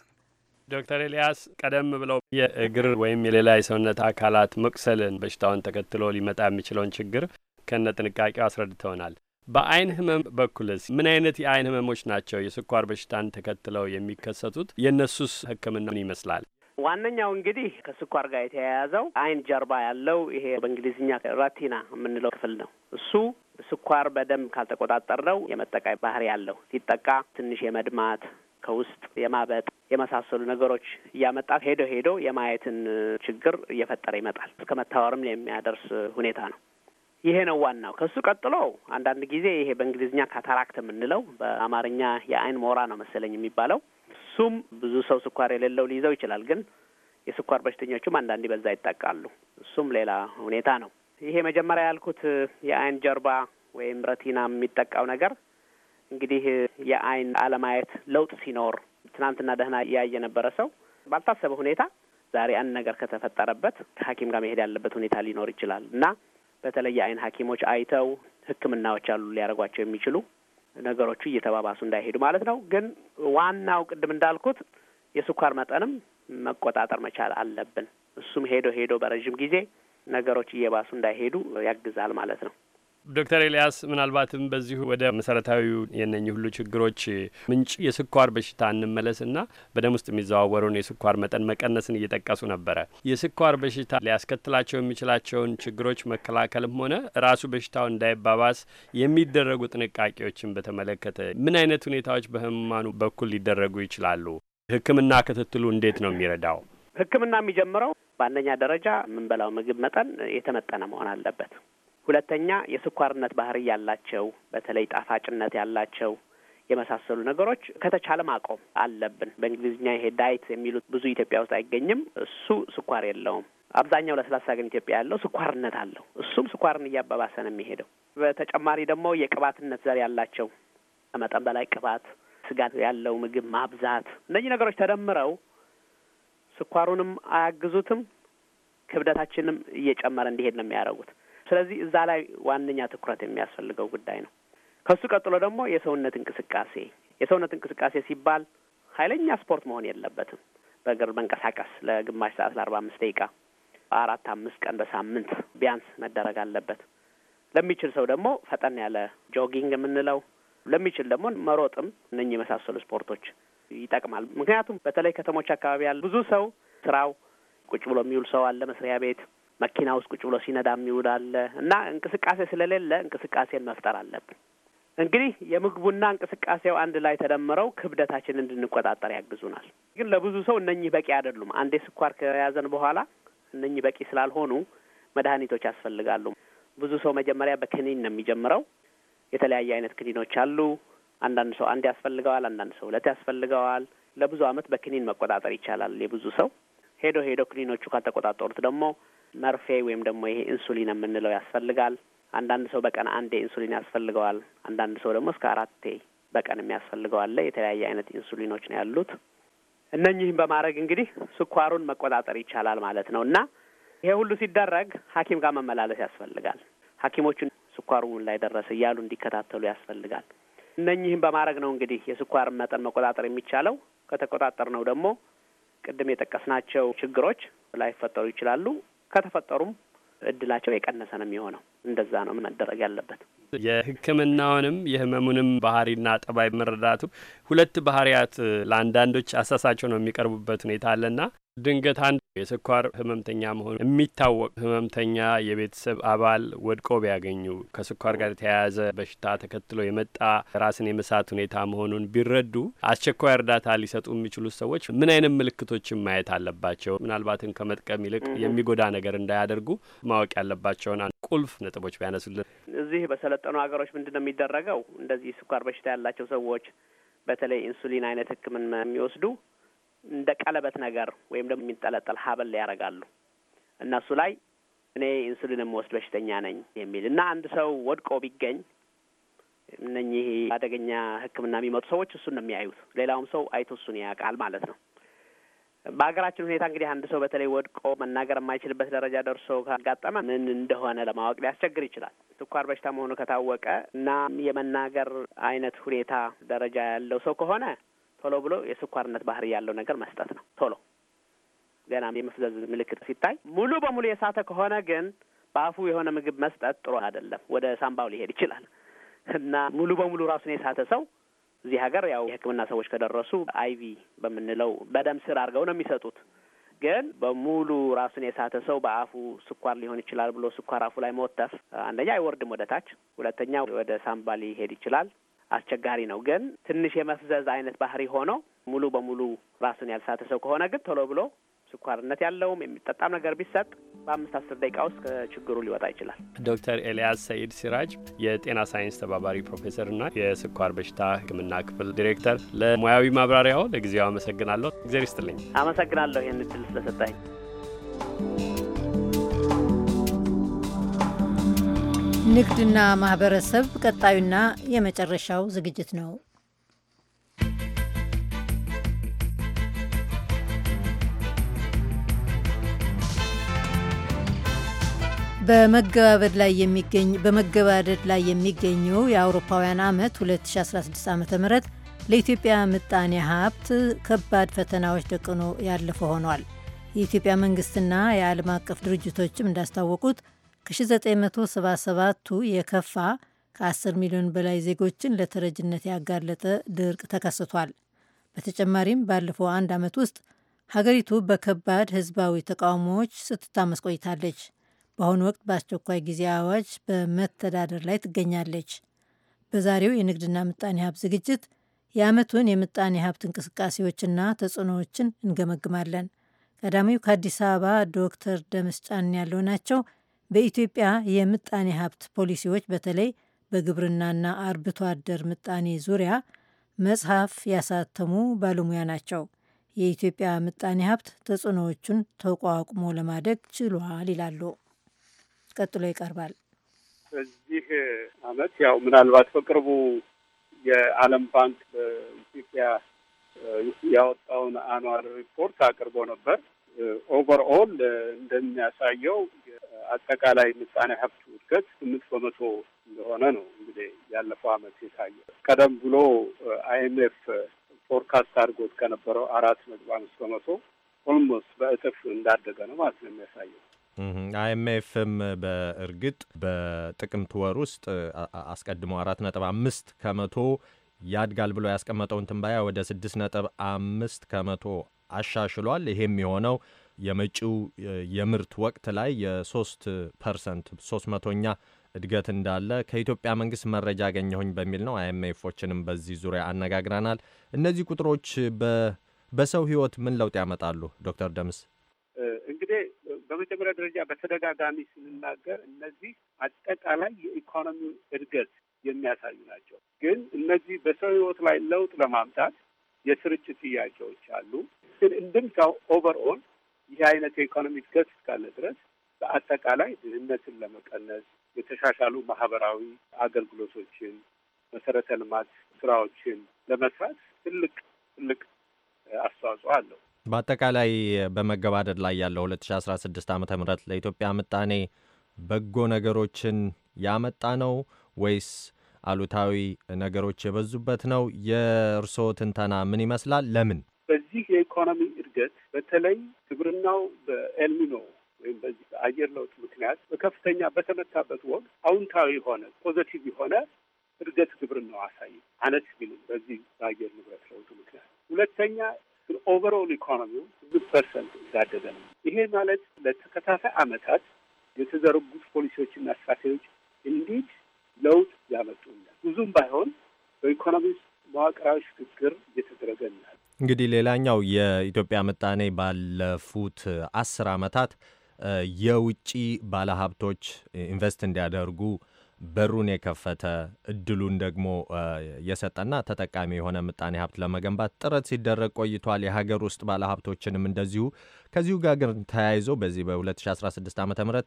ዶክተር ኤልያስ ቀደም ብለው የእግር ወይም የሌላ የሰውነት አካላት መቁሰልን በሽታውን ተከትሎ ሊመጣ የሚችለውን ችግር ከነ ጥንቃቄው አስረድተውናል። በአይን ህመም በኩልስ ምን አይነት የአይን ህመሞች ናቸው የስኳር በሽታን ተከትለው የሚከሰቱት? የእነሱስ ህክምና ምን ይመስላል? ዋነኛው እንግዲህ ከስኳር ጋር የተያያዘው አይን ጀርባ ያለው ይሄ በእንግሊዝኛ ረቲና የምንለው ክፍል ነው። እሱ ስኳር በደንብ ነው የመጠቃ ባህሪ ያለው ሲጠቃ ትንሽ የመድማት ከውስጥ የማበጥ የመሳሰሉ ነገሮች እያመጣ ሄዶ ሄዶ የማየትን ችግር እየፈጠረ ይመጣል። እስከ መታወርም የሚያደርስ ሁኔታ ነው። ይሄ ነው ዋናው። ከሱ ቀጥሎ አንዳንድ ጊዜ ይሄ በእንግሊዝኛ ካታራክት የምንለው በአማርኛ የአይን ሞራ ነው መሰለኝ የሚባለው እሱም ብዙ ሰው ስኳር የሌለው ሊይዘው ይችላል። ግን የስኳር በሽተኞቹም አንዳንድ በዛ ይጠቃሉ። እሱም ሌላ ሁኔታ ነው። ይሄ መጀመሪያ ያልኩት የአይን ጀርባ ወይም ረቲና የሚጠቃው ነገር እንግዲህ የአይን አለማየት ለውጥ ሲኖር ትናንትና ደህና ያየ የነበረ ሰው ባልታሰበ ሁኔታ ዛሬ አንድ ነገር ከተፈጠረበት ከሐኪም ጋር መሄድ ያለበት ሁኔታ ሊኖር ይችላል እና በተለይ የአይን ሐኪሞች አይተው ሕክምናዎች አሉ ሊያደርጓቸው የሚችሉ ነገሮቹ እየተባባሱ እንዳይሄዱ ማለት ነው። ግን ዋናው ቅድም እንዳልኩት የስኳር መጠንም መቆጣጠር መቻል አለብን። እሱም ሄዶ ሄዶ በረዥም ጊዜ ነገሮች እየባሱ እንዳይሄዱ ያግዛል ማለት ነው። ዶክተር ኤልያስ ምናልባትም በዚሁ ወደ መሰረታዊ የነኝ ሁሉ ችግሮች ምንጭ የስኳር በሽታ እንመለስና በደም ውስጥ የሚዘዋወሩን የስኳር መጠን መቀነስን እየጠቀሱ ነበረ። የስኳር በሽታ ሊያስከትላቸው የሚችላቸውን ችግሮች መከላከልም ሆነ ራሱ በሽታው እንዳይባባስ የሚደረጉ ጥንቃቄዎችን በተመለከተ ምን አይነት ሁኔታዎች በህሙማኑ በኩል ሊደረጉ ይችላሉ? ሕክምና ክትትሉ እንዴት ነው የሚረዳው? ሕክምና የሚጀምረው በአንደኛ ደረጃ የምንበላው ምግብ መጠን የተመጠነ መሆን አለበት። ሁለተኛ የስኳርነት ባህሪ ያላቸው በተለይ ጣፋጭነት ያላቸው የመሳሰሉ ነገሮች ከተቻለ ማቆም አለብን። በእንግሊዝኛ ይሄ ዳይት የሚሉት ብዙ ኢትዮጵያ ውስጥ አይገኝም። እሱ ስኳር የለውም። አብዛኛው ለስላሳ ግን ኢትዮጵያ ያለው ስኳርነት አለው። እሱም ስኳርን እያባባሰ ነው የሚሄደው። በተጨማሪ ደግሞ የቅባትነት ዘር ያላቸው ከመጠን በላይ ቅባት፣ ስጋት ያለው ምግብ ማብዛት፣ እነዚህ ነገሮች ተደምረው ስኳሩንም አያግዙትም፣ ክብደታችንም እየጨመረ እንዲሄድ ነው የሚያደርጉት። ስለዚህ እዛ ላይ ዋነኛ ትኩረት የሚያስፈልገው ጉዳይ ነው። ከሱ ቀጥሎ ደግሞ የሰውነት እንቅስቃሴ የሰውነት እንቅስቃሴ ሲባል ኃይለኛ ስፖርት መሆን የለበትም። በእግር መንቀሳቀስ ለግማሽ ሰዓት ለአርባ አምስት ደቂቃ አራት አምስት ቀን በሳምንት ቢያንስ መደረግ አለበት። ለሚችል ሰው ደግሞ ፈጠን ያለ ጆጊንግ የምንለው ለሚችል ደግሞ መሮጥም እነኚህ የመሳሰሉ ስፖርቶች ይጠቅማል። ምክንያቱም በተለይ ከተሞች አካባቢ ያለ ብዙ ሰው ስራው ቁጭ ብሎ የሚውል ሰው አለ መስሪያ ቤት መኪና ውስጥ ቁጭ ብሎ ሲነዳ የሚውላለ እና እንቅስቃሴ ስለሌለ እንቅስቃሴን መፍጠር አለብን። እንግዲህ የምግቡና እንቅስቃሴው አንድ ላይ ተደምረው ክብደታችን እንድንቆጣጠር ያግዙናል። ግን ለብዙ ሰው እነኚህ በቂ አይደሉም። አንዴ ስኳር ከያዘን በኋላ እነኚህ በቂ ስላልሆኑ መድኃኒቶች ያስፈልጋሉ። ብዙ ሰው መጀመሪያ በክኒን ነው የሚጀምረው። የተለያየ አይነት ክኒኖች አሉ። አንዳንድ ሰው አንድ ያስፈልገዋል፣ አንዳንድ ሰው ሁለት ያስፈልገዋል። ለብዙ ዓመት በክኒን መቆጣጠር ይቻላል። የብዙ ሰው ሄዶ ሄዶ ክኒኖቹ ካልተቆጣጠሩት ደግሞ መርፌ ወይም ደግሞ ይሄ ኢንሱሊን የምንለው ያስፈልጋል። አንዳንድ ሰው በቀን አንዴ ኢንሱሊን ያስፈልገዋል። አንዳንድ ሰው ደግሞ እስከ አራቴ በቀን የሚያስፈልገዋለ የተለያየ አይነት ኢንሱሊኖች ነው ያሉት። እነኚህም በማድረግ እንግዲህ ስኳሩን መቆጣጠር ይቻላል ማለት ነው እና ይሄ ሁሉ ሲደረግ ሐኪም ጋር መመላለስ ያስፈልጋል። ሐኪሞቹን ስኳሩ ላይ ደረሰ እያሉ እንዲከታተሉ ያስፈልጋል። እነኚህም በማድረግ ነው እንግዲህ የስኳርን መጠን መቆጣጠር የሚቻለው። ከተቆጣጠር ነው ደግሞ ቅድም የጠቀስናቸው ችግሮች ላይፈጠሩ ይችላሉ። ከተፈጠሩም እድላቸው የቀነሰ ነው የሚሆነው። እንደዛ ነው መደረግ ያለበት። የሕክምናውንም የህመሙንም ባህሪና ጠባይ መረዳቱ ሁለት ባህሪያት ለአንዳንዶች አሳሳቸው ነው የሚቀርቡበት ሁኔታ አለና ድንገት አንድ የስኳር ህመምተኛ መሆኑ የሚታወቅ ህመምተኛ የቤተሰብ አባል ወድቆ ቢያገኙ ከስኳር ጋር የተያያዘ በሽታ ተከትሎ የመጣ ራስን የመሳት ሁኔታ መሆኑን ቢረዱ አስቸኳይ እርዳታ ሊሰጡ የሚችሉት ሰዎች ምን አይነት ምልክቶችን ማየት አለባቸው? ምናልባትም ከመጥቀም ይልቅ የሚጎዳ ነገር እንዳያደርጉ ማወቅ ያለባቸውን ቁልፍ ነጥቦች ቢያነሱልን። እዚህ በሰለጠኑ ሀገሮች ምንድን ነው የሚደረገው? እንደዚህ ስኳር በሽታ ያላቸው ሰዎች በተለይ ኢንሱሊን አይነት ህክምና የሚወስዱ እንደ ቀለበት ነገር ወይም ደግሞ የሚንጠለጠል ሀብል ያደርጋሉ። እነሱ ላይ እኔ ኢንሱሊን የምወስድ በሽተኛ ነኝ የሚል እና አንድ ሰው ወድቆ ቢገኝ እነኚህ አደገኛ ሕክምና የሚመጡ ሰዎች እሱን ነው የሚያዩት። ሌላውም ሰው አይቶ እሱን ያውቃል ማለት ነው። በሀገራችን ሁኔታ እንግዲህ አንድ ሰው በተለይ ወድቆ መናገር የማይችልበት ደረጃ ደርሶ ካጋጠመ ምን እንደሆነ ለማወቅ ሊያስቸግር ይችላል። ስኳር በሽታ መሆኑ ከታወቀ እና የመናገር አይነት ሁኔታ ደረጃ ያለው ሰው ከሆነ ቶሎ ብሎ የስኳርነት ባህሪ ያለው ነገር መስጠት ነው። ቶሎ ገና የመፍዘዝ ምልክት ሲታይ ሙሉ በሙሉ የሳተ ከሆነ ግን በአፉ የሆነ ምግብ መስጠት ጥሩ አይደለም። ወደ ሳምባው ሊሄድ ይችላል እና ሙሉ በሙሉ ራሱን የሳተ ሰው እዚህ ሀገር ያው የሕክምና ሰዎች ከደረሱ አይቪ በምንለው በደም ስር አድርገው ነው የሚሰጡት። ግን በሙሉ ራሱን የሳተ ሰው በአፉ ስኳር ሊሆን ይችላል ብሎ ስኳር አፉ ላይ መወተፍ አንደኛ አይወርድም ወደ ታች፣ ሁለተኛ ወደ ሳምባ ሊሄድ ይችላል። አስቸጋሪ ነው። ግን ትንሽ የመፍዘዝ አይነት ባህሪ ሆኖ ሙሉ በሙሉ ራሱን ያልሳተ ሰው ከሆነ ግን ቶሎ ብሎ ስኳርነት ያለውም የሚጠጣም ነገር ቢሰጥ በአምስት አስር ደቂቃ ውስጥ ከችግሩ ሊወጣ ይችላል። ዶክተር ኤልያስ ሰይድ ሲራጅ የጤና ሳይንስ ተባባሪ ፕሮፌሰርና የስኳር በሽታ ሕክምና ክፍል ዲሬክተር፣ ለሙያዊ ማብራሪያው ለጊዜው አመሰግናለሁ። እግዜር ይስጥልኝ። አመሰግናለሁ ይህን እድል you. ንግድና ማህበረሰብ ቀጣዩና የመጨረሻው ዝግጅት ነው። በመገባደድ ላይ የሚገኝ በመገባደድ ላይ የሚገኘው የአውሮፓውያን ዓመት 2016 ዓ ም ለኢትዮጵያ ምጣኔ ሀብት ከባድ ፈተናዎች ደቅኖ ያለፈ ሆኗል። የኢትዮጵያ መንግስትና የዓለም አቀፍ ድርጅቶችም እንዳስታወቁት ከ1977ቱ የከፋ ከ10 ሚሊዮን በላይ ዜጎችን ለተረጅነት ያጋለጠ ድርቅ ተከስቷል። በተጨማሪም ባለፈው አንድ ዓመት ውስጥ ሀገሪቱ በከባድ ህዝባዊ ተቃውሞዎች ስትታመስ ቆይታለች። በአሁኑ ወቅት በአስቸኳይ ጊዜ አዋጅ በመተዳደር ላይ ትገኛለች። በዛሬው የንግድና ምጣኔ ሀብት ዝግጅት የዓመቱን የምጣኔ ሀብት እንቅስቃሴዎችና ተጽዕኖዎችን እንገመግማለን። ቀዳሚው ከአዲስ አበባ ዶክተር ደምስ ጫን ያለው ናቸው። በኢትዮጵያ የምጣኔ ሀብት ፖሊሲዎች በተለይ በግብርናና አርብቶ አደር ምጣኔ ዙሪያ መጽሐፍ ያሳተሙ ባለሙያ ናቸው። የኢትዮጵያ ምጣኔ ሀብት ተጽዕኖዎቹን ተቋቁሞ ለማደግ ችሏል ይላሉ። ቀጥሎ ይቀርባል። በዚህ አመት ያው ምናልባት በቅርቡ የዓለም ባንክ በኢትዮጵያ ያወጣውን አኗል ሪፖርት አቅርቦ ነበር። ኦቨርኦል እንደሚያሳየው አጠቃላይ ምጣኔ ሀብቱ እድገት ስምንት በመቶ እንደሆነ ነው እንግዲህ ያለፈው አመት የታየ ቀደም ብሎ አይኤምኤፍ ፎርካስት አድርጎት ከነበረው አራት ነጥብ አምስት በመቶ ኦልሞስት በእጥፍ እንዳደገ ነው ማለት ነው የሚያሳየው። አይኤምኤፍም በእርግጥ በጥቅምት ወር ውስጥ አስቀድሞ አራት ነጥብ አምስት ከመቶ ያድጋል ብሎ ያስቀመጠውን ትንባያ ወደ ስድስት ነጥብ አምስት ከመቶ አሻሽሏል። ይሄም የሆነው የመጪው የምርት ወቅት ላይ የሶስት ፐርሰንት ሶስት መቶኛ እድገት እንዳለ ከኢትዮጵያ መንግስት መረጃ አገኘሁኝ በሚል ነው። አይኤምኤፎችንም በዚህ ዙሪያ አነጋግረናል። እነዚህ ቁጥሮች በሰው ህይወት ምን ለውጥ ያመጣሉ? ዶክተር ደምስ እንግዲህ በመጀመሪያ ደረጃ በተደጋጋሚ ስንናገር እነዚህ አጠቃላይ የኢኮኖሚ እድገት የሚያሳዩ ናቸው። ግን እነዚህ በሰው ህይወት ላይ ለውጥ ለማምጣት የስርጭት ጥያቄዎች አሉ። ግን እንድምታው ኦቨርኦል ይህ አይነት የኢኮኖሚ እድገት እስካለ ድረስ በአጠቃላይ ድህነትን ለመቀነስ የተሻሻሉ ማህበራዊ አገልግሎቶችን፣ መሰረተ ልማት ስራዎችን ለመስራት ትልቅ ትልቅ አስተዋጽኦ አለው። በአጠቃላይ በመገባደድ ላይ ያለው 2016 ዓ ም ለኢትዮጵያ ምጣኔ በጎ ነገሮችን ያመጣ ነው ወይስ አሉታዊ ነገሮች የበዙበት ነው? የእርስዎ ትንተና ምን ይመስላል? ለምን በዚህ የኢኮኖሚ እድገት በተለይ ግብርናው በኤልሚኖ ወይም በዚህ በአየር ለውጥ ምክንያት በከፍተኛ በተመታበት ወቅት አውንታዊ የሆነ ፖዘቲቭ የሆነ እድገት ግብርናው አሳይ አነት ቢሉ በዚህ በአየር ንብረት ለውጡ ምክንያት ሁለተኛ ኦቨርኦል ኢኮኖሚው ስድስት ፐርሰንት እንዳደገ ነው። ይሄ ማለት ለተከታታይ ዓመታት የተዘረጉት ፖሊሲዎችና ስትራቴጂዎች እንዲህ ለውጥ ያመጡ ብዙም ባይሆን በኢኮኖሚ ውስጥ መዋቅራዊ ሽግግር እየተደረገ ነው። እንግዲህ ሌላኛው የኢትዮጵያ ምጣኔ ባለፉት አስር ዓመታት የውጭ ባለሀብቶች ኢንቨስት እንዲያደርጉ በሩን የከፈተ እድሉን ደግሞ የሰጠና ተጠቃሚ የሆነ ምጣኔ ሀብት ለመገንባት ጥረት ሲደረግ ቆይቷል። የሀገር ውስጥ ባለሀብቶችንም እንደዚሁ። ከዚሁ ጋር ግን ተያይዞ በዚህ በ2016 ዓ ም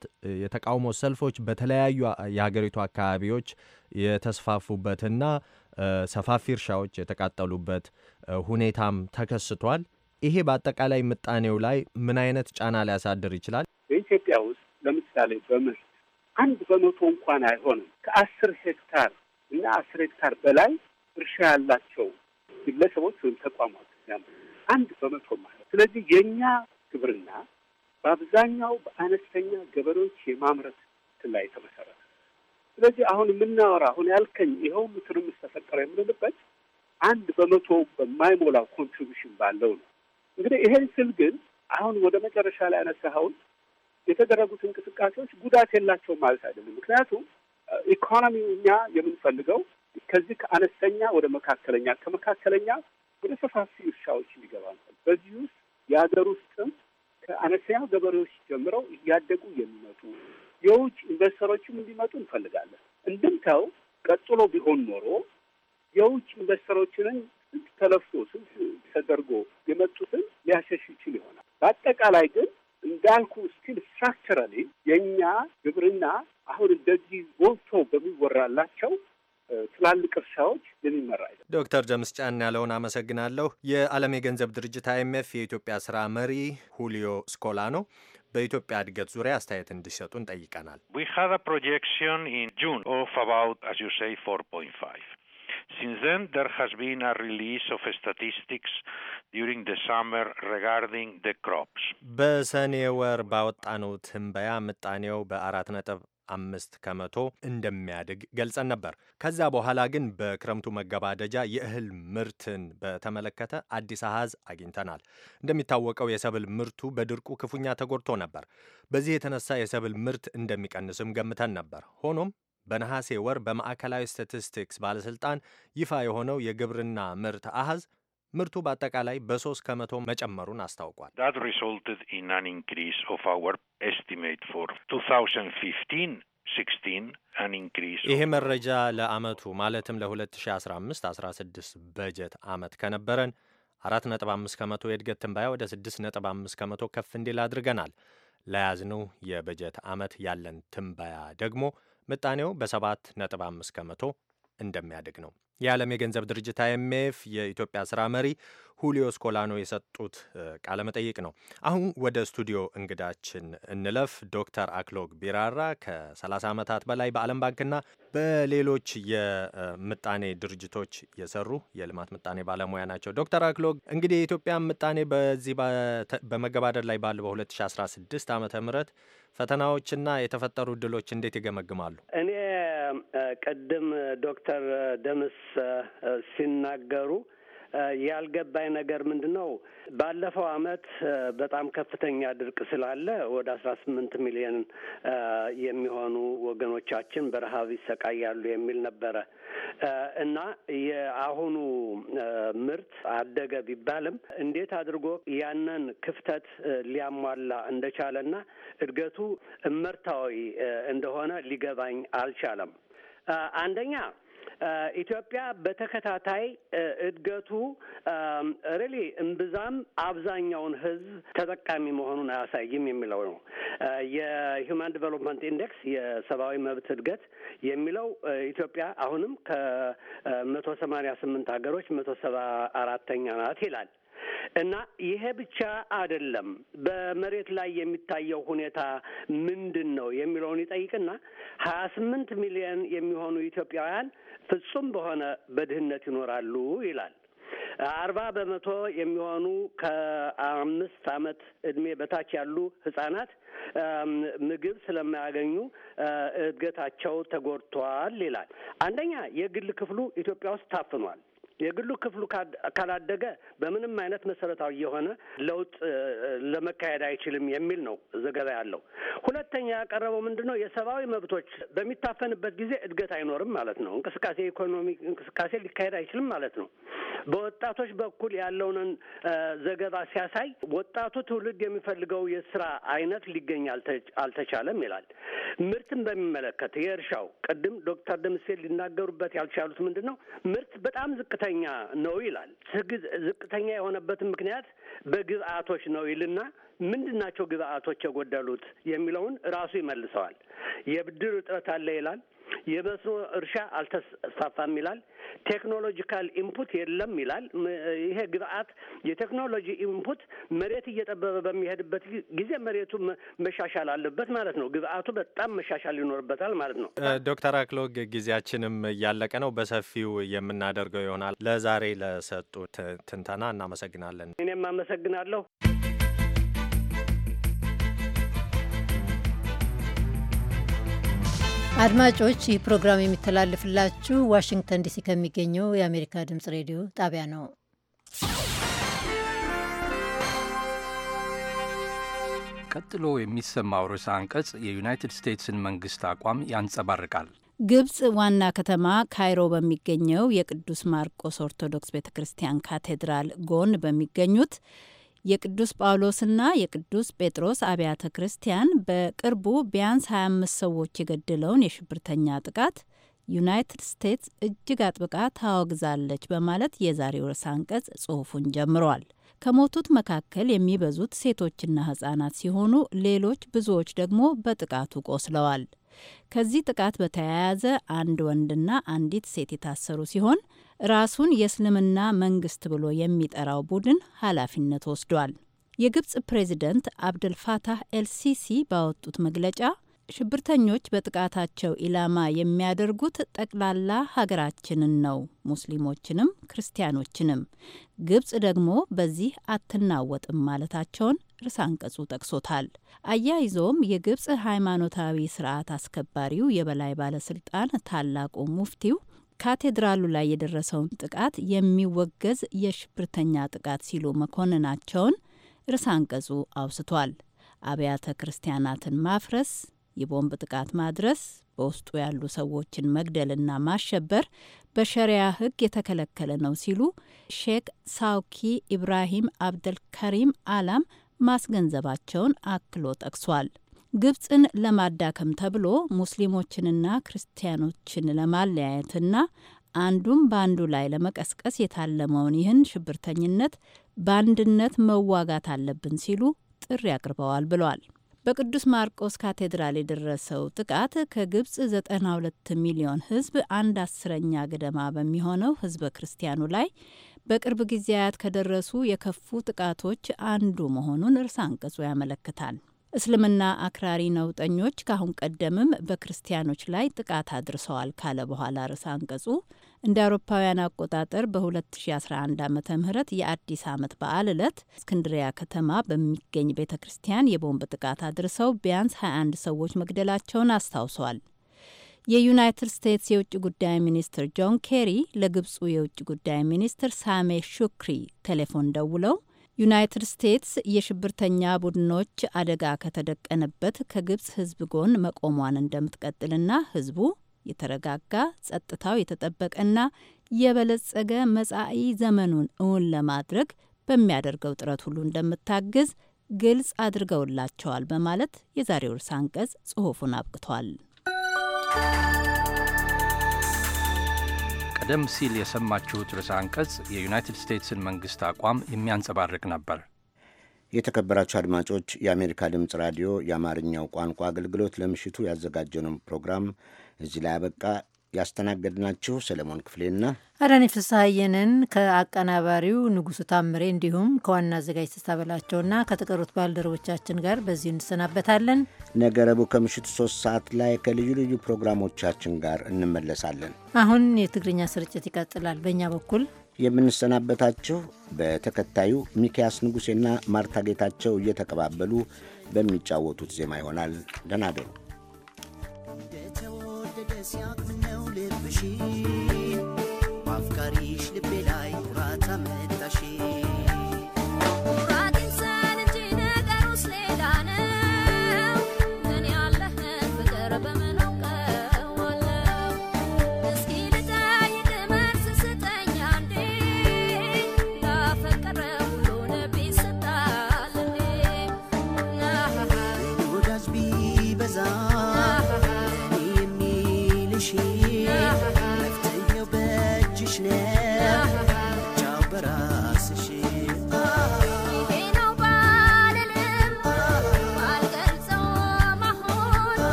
የተቃውሞ ሰልፎች በተለያዩ የሀገሪቱ አካባቢዎች የተስፋፉበትና ሰፋፊ እርሻዎች የተቃጠሉበት ሁኔታም ተከስቷል። ይሄ በአጠቃላይ ምጣኔው ላይ ምን አይነት ጫና ሊያሳድር ይችላል? በኢትዮጵያ ውስጥ ለምሳሌ በምርት አንድ በመቶ እንኳን አይሆንም ከአስር ሄክታር እና አስር ሄክታር በላይ እርሻ ያላቸው ግለሰቦች ወይም ተቋማት አንድ በመቶ ማለት። ስለዚህ የእኛ ግብርና በአብዛኛው በአነስተኛ ገበሬዎች የማምረት ላይ የተመሰረተ ስለዚህ አሁን የምናወራ አሁን ያልከኝ ይኸው ትርምስ ተፈጠረ የምንልበት አንድ በመቶ በማይሞላው ኮንትሪቢሽን ባለው ነው። እንግዲህ ይሄን ስል ግን አሁን ወደ መጨረሻ ላይ ያነሳኸውን የተደረጉት እንቅስቃሴዎች ጉዳት የላቸው ማለት አይደለም። ምክንያቱም ኢኮኖሚው እኛ የምንፈልገው ከዚህ ከአነስተኛ ወደ መካከለኛ፣ ከመካከለኛ ወደ ሰፋፊ እርሻዎች ሊገባ ነው። በዚህ ውስጥ የሀገር ውስጥም ከአነስተኛ ገበሬዎች ጀምረው እያደጉ የሚመጡ የውጭ ኢንቨስተሮችም እንዲመጡ እንፈልጋለን። እንድምታው ቀጥሎ ቢሆን ኖሮ የውጭ ኢንቨስተሮችንን ስንት ተለፍቶ ስንት ተደርጎ የመጡትን ሊያሸሽ ይችል ይሆናል። በአጠቃላይ ግን እንዳልኩ ስቲል ስትራክቸራሊ የእኛ ግብርና አሁን እንደዚህ ጎልቶ በሚወራላቸው ትላልቅ እርሻዎች የሚመራ ዶክተር ጀምስ ጫን ያለውን አመሰግናለሁ። የዓለም የገንዘብ ድርጅት አይኤምኤፍ የኢትዮጵያ ስራ መሪ ሁሊዮ ስኮላ ነው። በኢትዮጵያ እድገት ዙሪያ አስተያየት እንዲሰጡን ጠይቀናል። Since then, there has been a release of statistics during the summer regarding the crops. በሰኔ ወር ባወጣነው ትንበያ ምጣኔው በአራት ነጥብ አምስት ከመቶ እንደሚያድግ ገልጸን ነበር። ከዛ በኋላ ግን በክረምቱ መገባደጃ የእህል ምርትን በተመለከተ አዲስ አሃዝ አግኝተናል። እንደሚታወቀው የሰብል ምርቱ በድርቁ ክፉኛ ተጎድቶ ነበር። በዚህ የተነሳ የሰብል ምርት እንደሚቀንስም ገምተን ነበር። ሆኖም በነሐሴ ወር በማዕከላዊ ስታቲስቲክስ ባለሥልጣን ይፋ የሆነው የግብርና ምርት አሃዝ ምርቱ በአጠቃላይ በሶስት ከመቶ መጨመሩን አስታውቋል። ዳት ሪሶልትድ ኢን አን ኢንክሪዝ ኦፍ አወር ኤስቲሜት ፎር ይሄ መረጃ ለአመቱ ማለትም ለ2015 16 በጀት አመት ከነበረን 4.5 ከመቶ የእድገት ትንባያ ወደ 6.5 ከመቶ ከፍ እንዲል አድርገናል። ለያዝነው የበጀት አመት ያለን ትንባያ ደግሞ ምጣኔው በ7.5 ከመቶ እንደሚያድግ ነው። የዓለም የገንዘብ ድርጅት አይኤምኤፍ፣ የኢትዮጵያ ስራ መሪ ሁሊዮ ስኮላኖ የሰጡት ቃለመጠይቅ ነው። አሁን ወደ ስቱዲዮ እንግዳችን እንለፍ። ዶክተር አክሎግ ቢራራ ከ30 ዓመታት በላይ በዓለም ባንክና በሌሎች የምጣኔ ድርጅቶች የሰሩ የልማት ምጣኔ ባለሙያ ናቸው። ዶክተር አክሎግ እንግዲህ የኢትዮጵያ ምጣኔ በዚህ በመገባደድ ላይ ባሉ በ2016 ዓመተ ምህረት ፈተናዎችና የተፈጠሩ እድሎች እንዴት ይገመግማሉ? እኔ ቅድም ዶክተር ደምስ ሲናገሩ ያልገባኝ ነገር ምንድን ነው ባለፈው አመት በጣም ከፍተኛ ድርቅ ስላለ ወደ አስራ ስምንት ሚሊዮን የሚሆኑ ወገኖቻችን በረሀብ ይሰቃያሉ የሚል ነበረ እና የአሁኑ ምርት አደገ ቢባልም እንዴት አድርጎ ያንን ክፍተት ሊያሟላ እንደቻለ እና እድገቱ እመርታዊ እንደሆነ ሊገባኝ አልቻለም። አንደኛ ኢትዮጵያ uh, በተከታታይ uh, እድገቱ ሪሊ um, እምብዛም አብዛኛውን ህዝብ ተጠቃሚ መሆኑን አያሳይም የሚለው ነው። uh, የሂውማን ዲቨሎፕመንት ኢንዴክስ የሰብአዊ መብት እድገት የሚለው ኢትዮጵያ አሁንም ከመቶ ሰማንያ ስምንት ሀገሮች መቶ ሰባ አራተኛ ናት ይላል። እና ይሄ ብቻ አይደለም። በመሬት ላይ የሚታየው ሁኔታ ምንድን ነው የሚለውን ይጠይቅና ሀያ ስምንት ሚሊዮን የሚሆኑ ኢትዮጵያውያን ፍጹም በሆነ በድህነት ይኖራሉ ይላል። አርባ በመቶ የሚሆኑ ከአምስት ዓመት እድሜ በታች ያሉ ህጻናት ምግብ ስለማያገኙ እድገታቸው ተጎድቷል ይላል። አንደኛ የግል ክፍሉ ኢትዮጵያ ውስጥ ታፍኗል። የግሉ ክፍሉ ካላደገ በምንም አይነት መሰረታዊ የሆነ ለውጥ ለመካሄድ አይችልም የሚል ነው ዘገባ ያለው። ሁለተኛ ያቀረበው ምንድን ነው? የሰብአዊ መብቶች በሚታፈንበት ጊዜ እድገት አይኖርም ማለት ነው። እንቅስቃሴ ኢኮኖሚ እንቅስቃሴ ሊካሄድ አይችልም ማለት ነው። በወጣቶች በኩል ያለውን ዘገባ ሲያሳይ ወጣቱ ትውልድ የሚፈልገው የስራ አይነት ሊገኝ አልተቻለም ይላል። ምርትን በሚመለከት የእርሻው ቅድም ዶክተር ደምሴ ሊናገሩበት ያልቻሉት ምንድን ነው? ምርት በጣም ዝቅተኛ ዝቅተኛ ነው ይላል። ዝቅተኛ የሆነበትን ምክንያት በግብአቶች ነው ይልና ምንድን ናቸው ግብአቶች የጎደሉት የሚለውን ራሱ ይመልሰዋል። የብድር እጥረት አለ ይላል። የመስኖ እርሻ አልተስፋፋም ይላል። ቴክኖሎጂካል ኢንፑት የለም ይላል። ይሄ ግብአት የቴክኖሎጂ ኢንፑት መሬት እየጠበበ በሚሄድበት ጊዜ መሬቱ መሻሻል አለበት ማለት ነው። ግብአቱ በጣም መሻሻል ይኖርበታል ማለት ነው። ዶክተር አክሎግ ጊዜያችንም እያለቀ ነው። በሰፊው የምናደርገው ይሆናል። ለዛሬ ለሰጡት ትንተና እናመሰግናለን። እኔም አመሰግናለሁ። አድማጮች ይህ ፕሮግራም የሚተላለፍላችሁ ዋሽንግተን ዲሲ ከሚገኘው የአሜሪካ ድምፅ ሬዲዮ ጣቢያ ነው። ቀጥሎ የሚሰማው ርዕሰ አንቀጽ የዩናይትድ ስቴትስን መንግስት አቋም ያንጸባርቃል። ግብጽ ዋና ከተማ ካይሮ በሚገኘው የቅዱስ ማርቆስ ኦርቶዶክስ ቤተ ክርስቲያን ካቴድራል ጎን በሚገኙት የቅዱስ ጳውሎስና የቅዱስ ጴጥሮስ አብያተ ክርስቲያን በቅርቡ ቢያንስ 25 ሰዎች የገደለውን የሽብርተኛ ጥቃት ዩናይትድ ስቴትስ እጅግ አጥብቃ ታወግዛለች በማለት የዛሬው ርዕሰ አንቀጽ ጽሑፉን ጀምሯል። ከሞቱት መካከል የሚበዙት ሴቶችና ሕጻናት ሲሆኑ ሌሎች ብዙዎች ደግሞ በጥቃቱ ቆስለዋል። ከዚህ ጥቃት በተያያዘ አንድ ወንድና አንዲት ሴት የታሰሩ ሲሆን ራሱን የእስልምና መንግስት ብሎ የሚጠራው ቡድን ኃላፊነት ወስዷል። የግብፅ ፕሬዚደንት አብደልፋታህ ኤልሲሲ ባወጡት መግለጫ ሽብርተኞች በጥቃታቸው ኢላማ የሚያደርጉት ጠቅላላ ሀገራችንን ነው፣ ሙስሊሞችንም ክርስቲያኖችንም። ግብፅ ደግሞ በዚህ አትናወጥም ማለታቸውን ርዕሰ አንቀጹ ጠቅሶታል። አያይዞም የግብፅ ሃይማኖታዊ ስርዓት አስከባሪው የበላይ ባለስልጣን ታላቁ ሙፍቲው ካቴድራሉ ላይ የደረሰውን ጥቃት የሚወገዝ የሽብርተኛ ጥቃት ሲሉ መኮንናቸውን ርዕሰ አንቀጹ አውስቷል። አብያተ ክርስቲያናትን ማፍረስ፣ የቦምብ ጥቃት ማድረስ፣ በውስጡ ያሉ ሰዎችን መግደልና ማሸበር በሸሪያ ሕግ የተከለከለ ነው ሲሉ ሼክ ሳውኪ ኢብራሂም አብደልከሪም አላም ማስገንዘባቸውን አክሎ ጠቅሷል። ግብፅን ለማዳከም ተብሎ ሙስሊሞችንና ክርስቲያኖችን ለማለያየትና አንዱም በአንዱ ላይ ለመቀስቀስ የታለመውን ይህን ሽብርተኝነት በአንድነት መዋጋት አለብን ሲሉ ጥሪ አቅርበዋል ብሏል። በቅዱስ ማርቆስ ካቴድራል የደረሰው ጥቃት ከግብፅ 92 ሚሊዮን ሕዝብ አንድ አስረኛ ገደማ በሚሆነው ሕዝበ ክርስቲያኑ ላይ በቅርብ ጊዜያት ከደረሱ የከፉ ጥቃቶች አንዱ መሆኑን እርሳ አንቀጹ ያመለክታል። እስልምና አክራሪ ነውጠኞች ካሁን ቀደምም በክርስቲያኖች ላይ ጥቃት አድርሰዋል ካለ በኋላ ርዕሰ አንቀጹ እንደ አውሮፓውያን አቆጣጠር በ2011 ዓ ም የአዲስ ዓመት በዓል ዕለት እስክንድሪያ ከተማ በሚገኝ ቤተ ክርስቲያን የቦምብ ጥቃት አድርሰው ቢያንስ 21 ሰዎች መግደላቸውን አስታውሷል። የዩናይትድ ስቴትስ የውጭ ጉዳይ ሚኒስትር ጆን ኬሪ ለግብፁ የውጭ ጉዳይ ሚኒስትር ሳሜ ሹክሪ ቴሌፎን ደውለው ዩናይትድ ስቴትስ የሽብርተኛ ቡድኖች አደጋ ከተደቀነበት ከግብፅ ህዝብ ጎን መቆሟን እንደምትቀጥልና ህዝቡ የተረጋጋ ጸጥታው የተጠበቀና የበለጸገ መጻኢ ዘመኑን እውን ለማድረግ በሚያደርገው ጥረት ሁሉ እንደምታግዝ ግልጽ አድርገውላቸዋል በማለት የዛሬው ርዕሰ አንቀጽ ጽሑፉን አብቅቷል። ቀደም ሲል የሰማችሁት ርዕሰ አንቀጽ የዩናይትድ ስቴትስን መንግሥት አቋም የሚያንጸባርቅ ነበር። የተከበራችሁ አድማጮች፣ የአሜሪካ ድምፅ ራዲዮ የአማርኛው ቋንቋ አገልግሎት ለምሽቱ ያዘጋጀነው ፕሮግራም እዚህ ላይ አበቃ። ያስተናገድናችሁ ሰለሞን ክፍሌና አዳኒ ፍስሐየንን ከአቀናባሪው ንጉሱ ታምሬ እንዲሁም ከዋና አዘጋጅ ተስታበላቸውና ከተቀሩት ባልደረቦቻችን ጋር በዚሁ እንሰናበታለን። ነገ ረቡዕ ከምሽቱ ሶስት ሰዓት ላይ ከልዩ ልዩ ፕሮግራሞቻችን ጋር እንመለሳለን። አሁን የትግርኛ ስርጭት ይቀጥላል። በእኛ በኩል የምንሰናበታችሁ በተከታዩ ሚኪያስ ንጉሴና ማርታ ጌታቸው እየተቀባበሉ በሚጫወቱት ዜማ ይሆናል። ደህና ደሩ። you.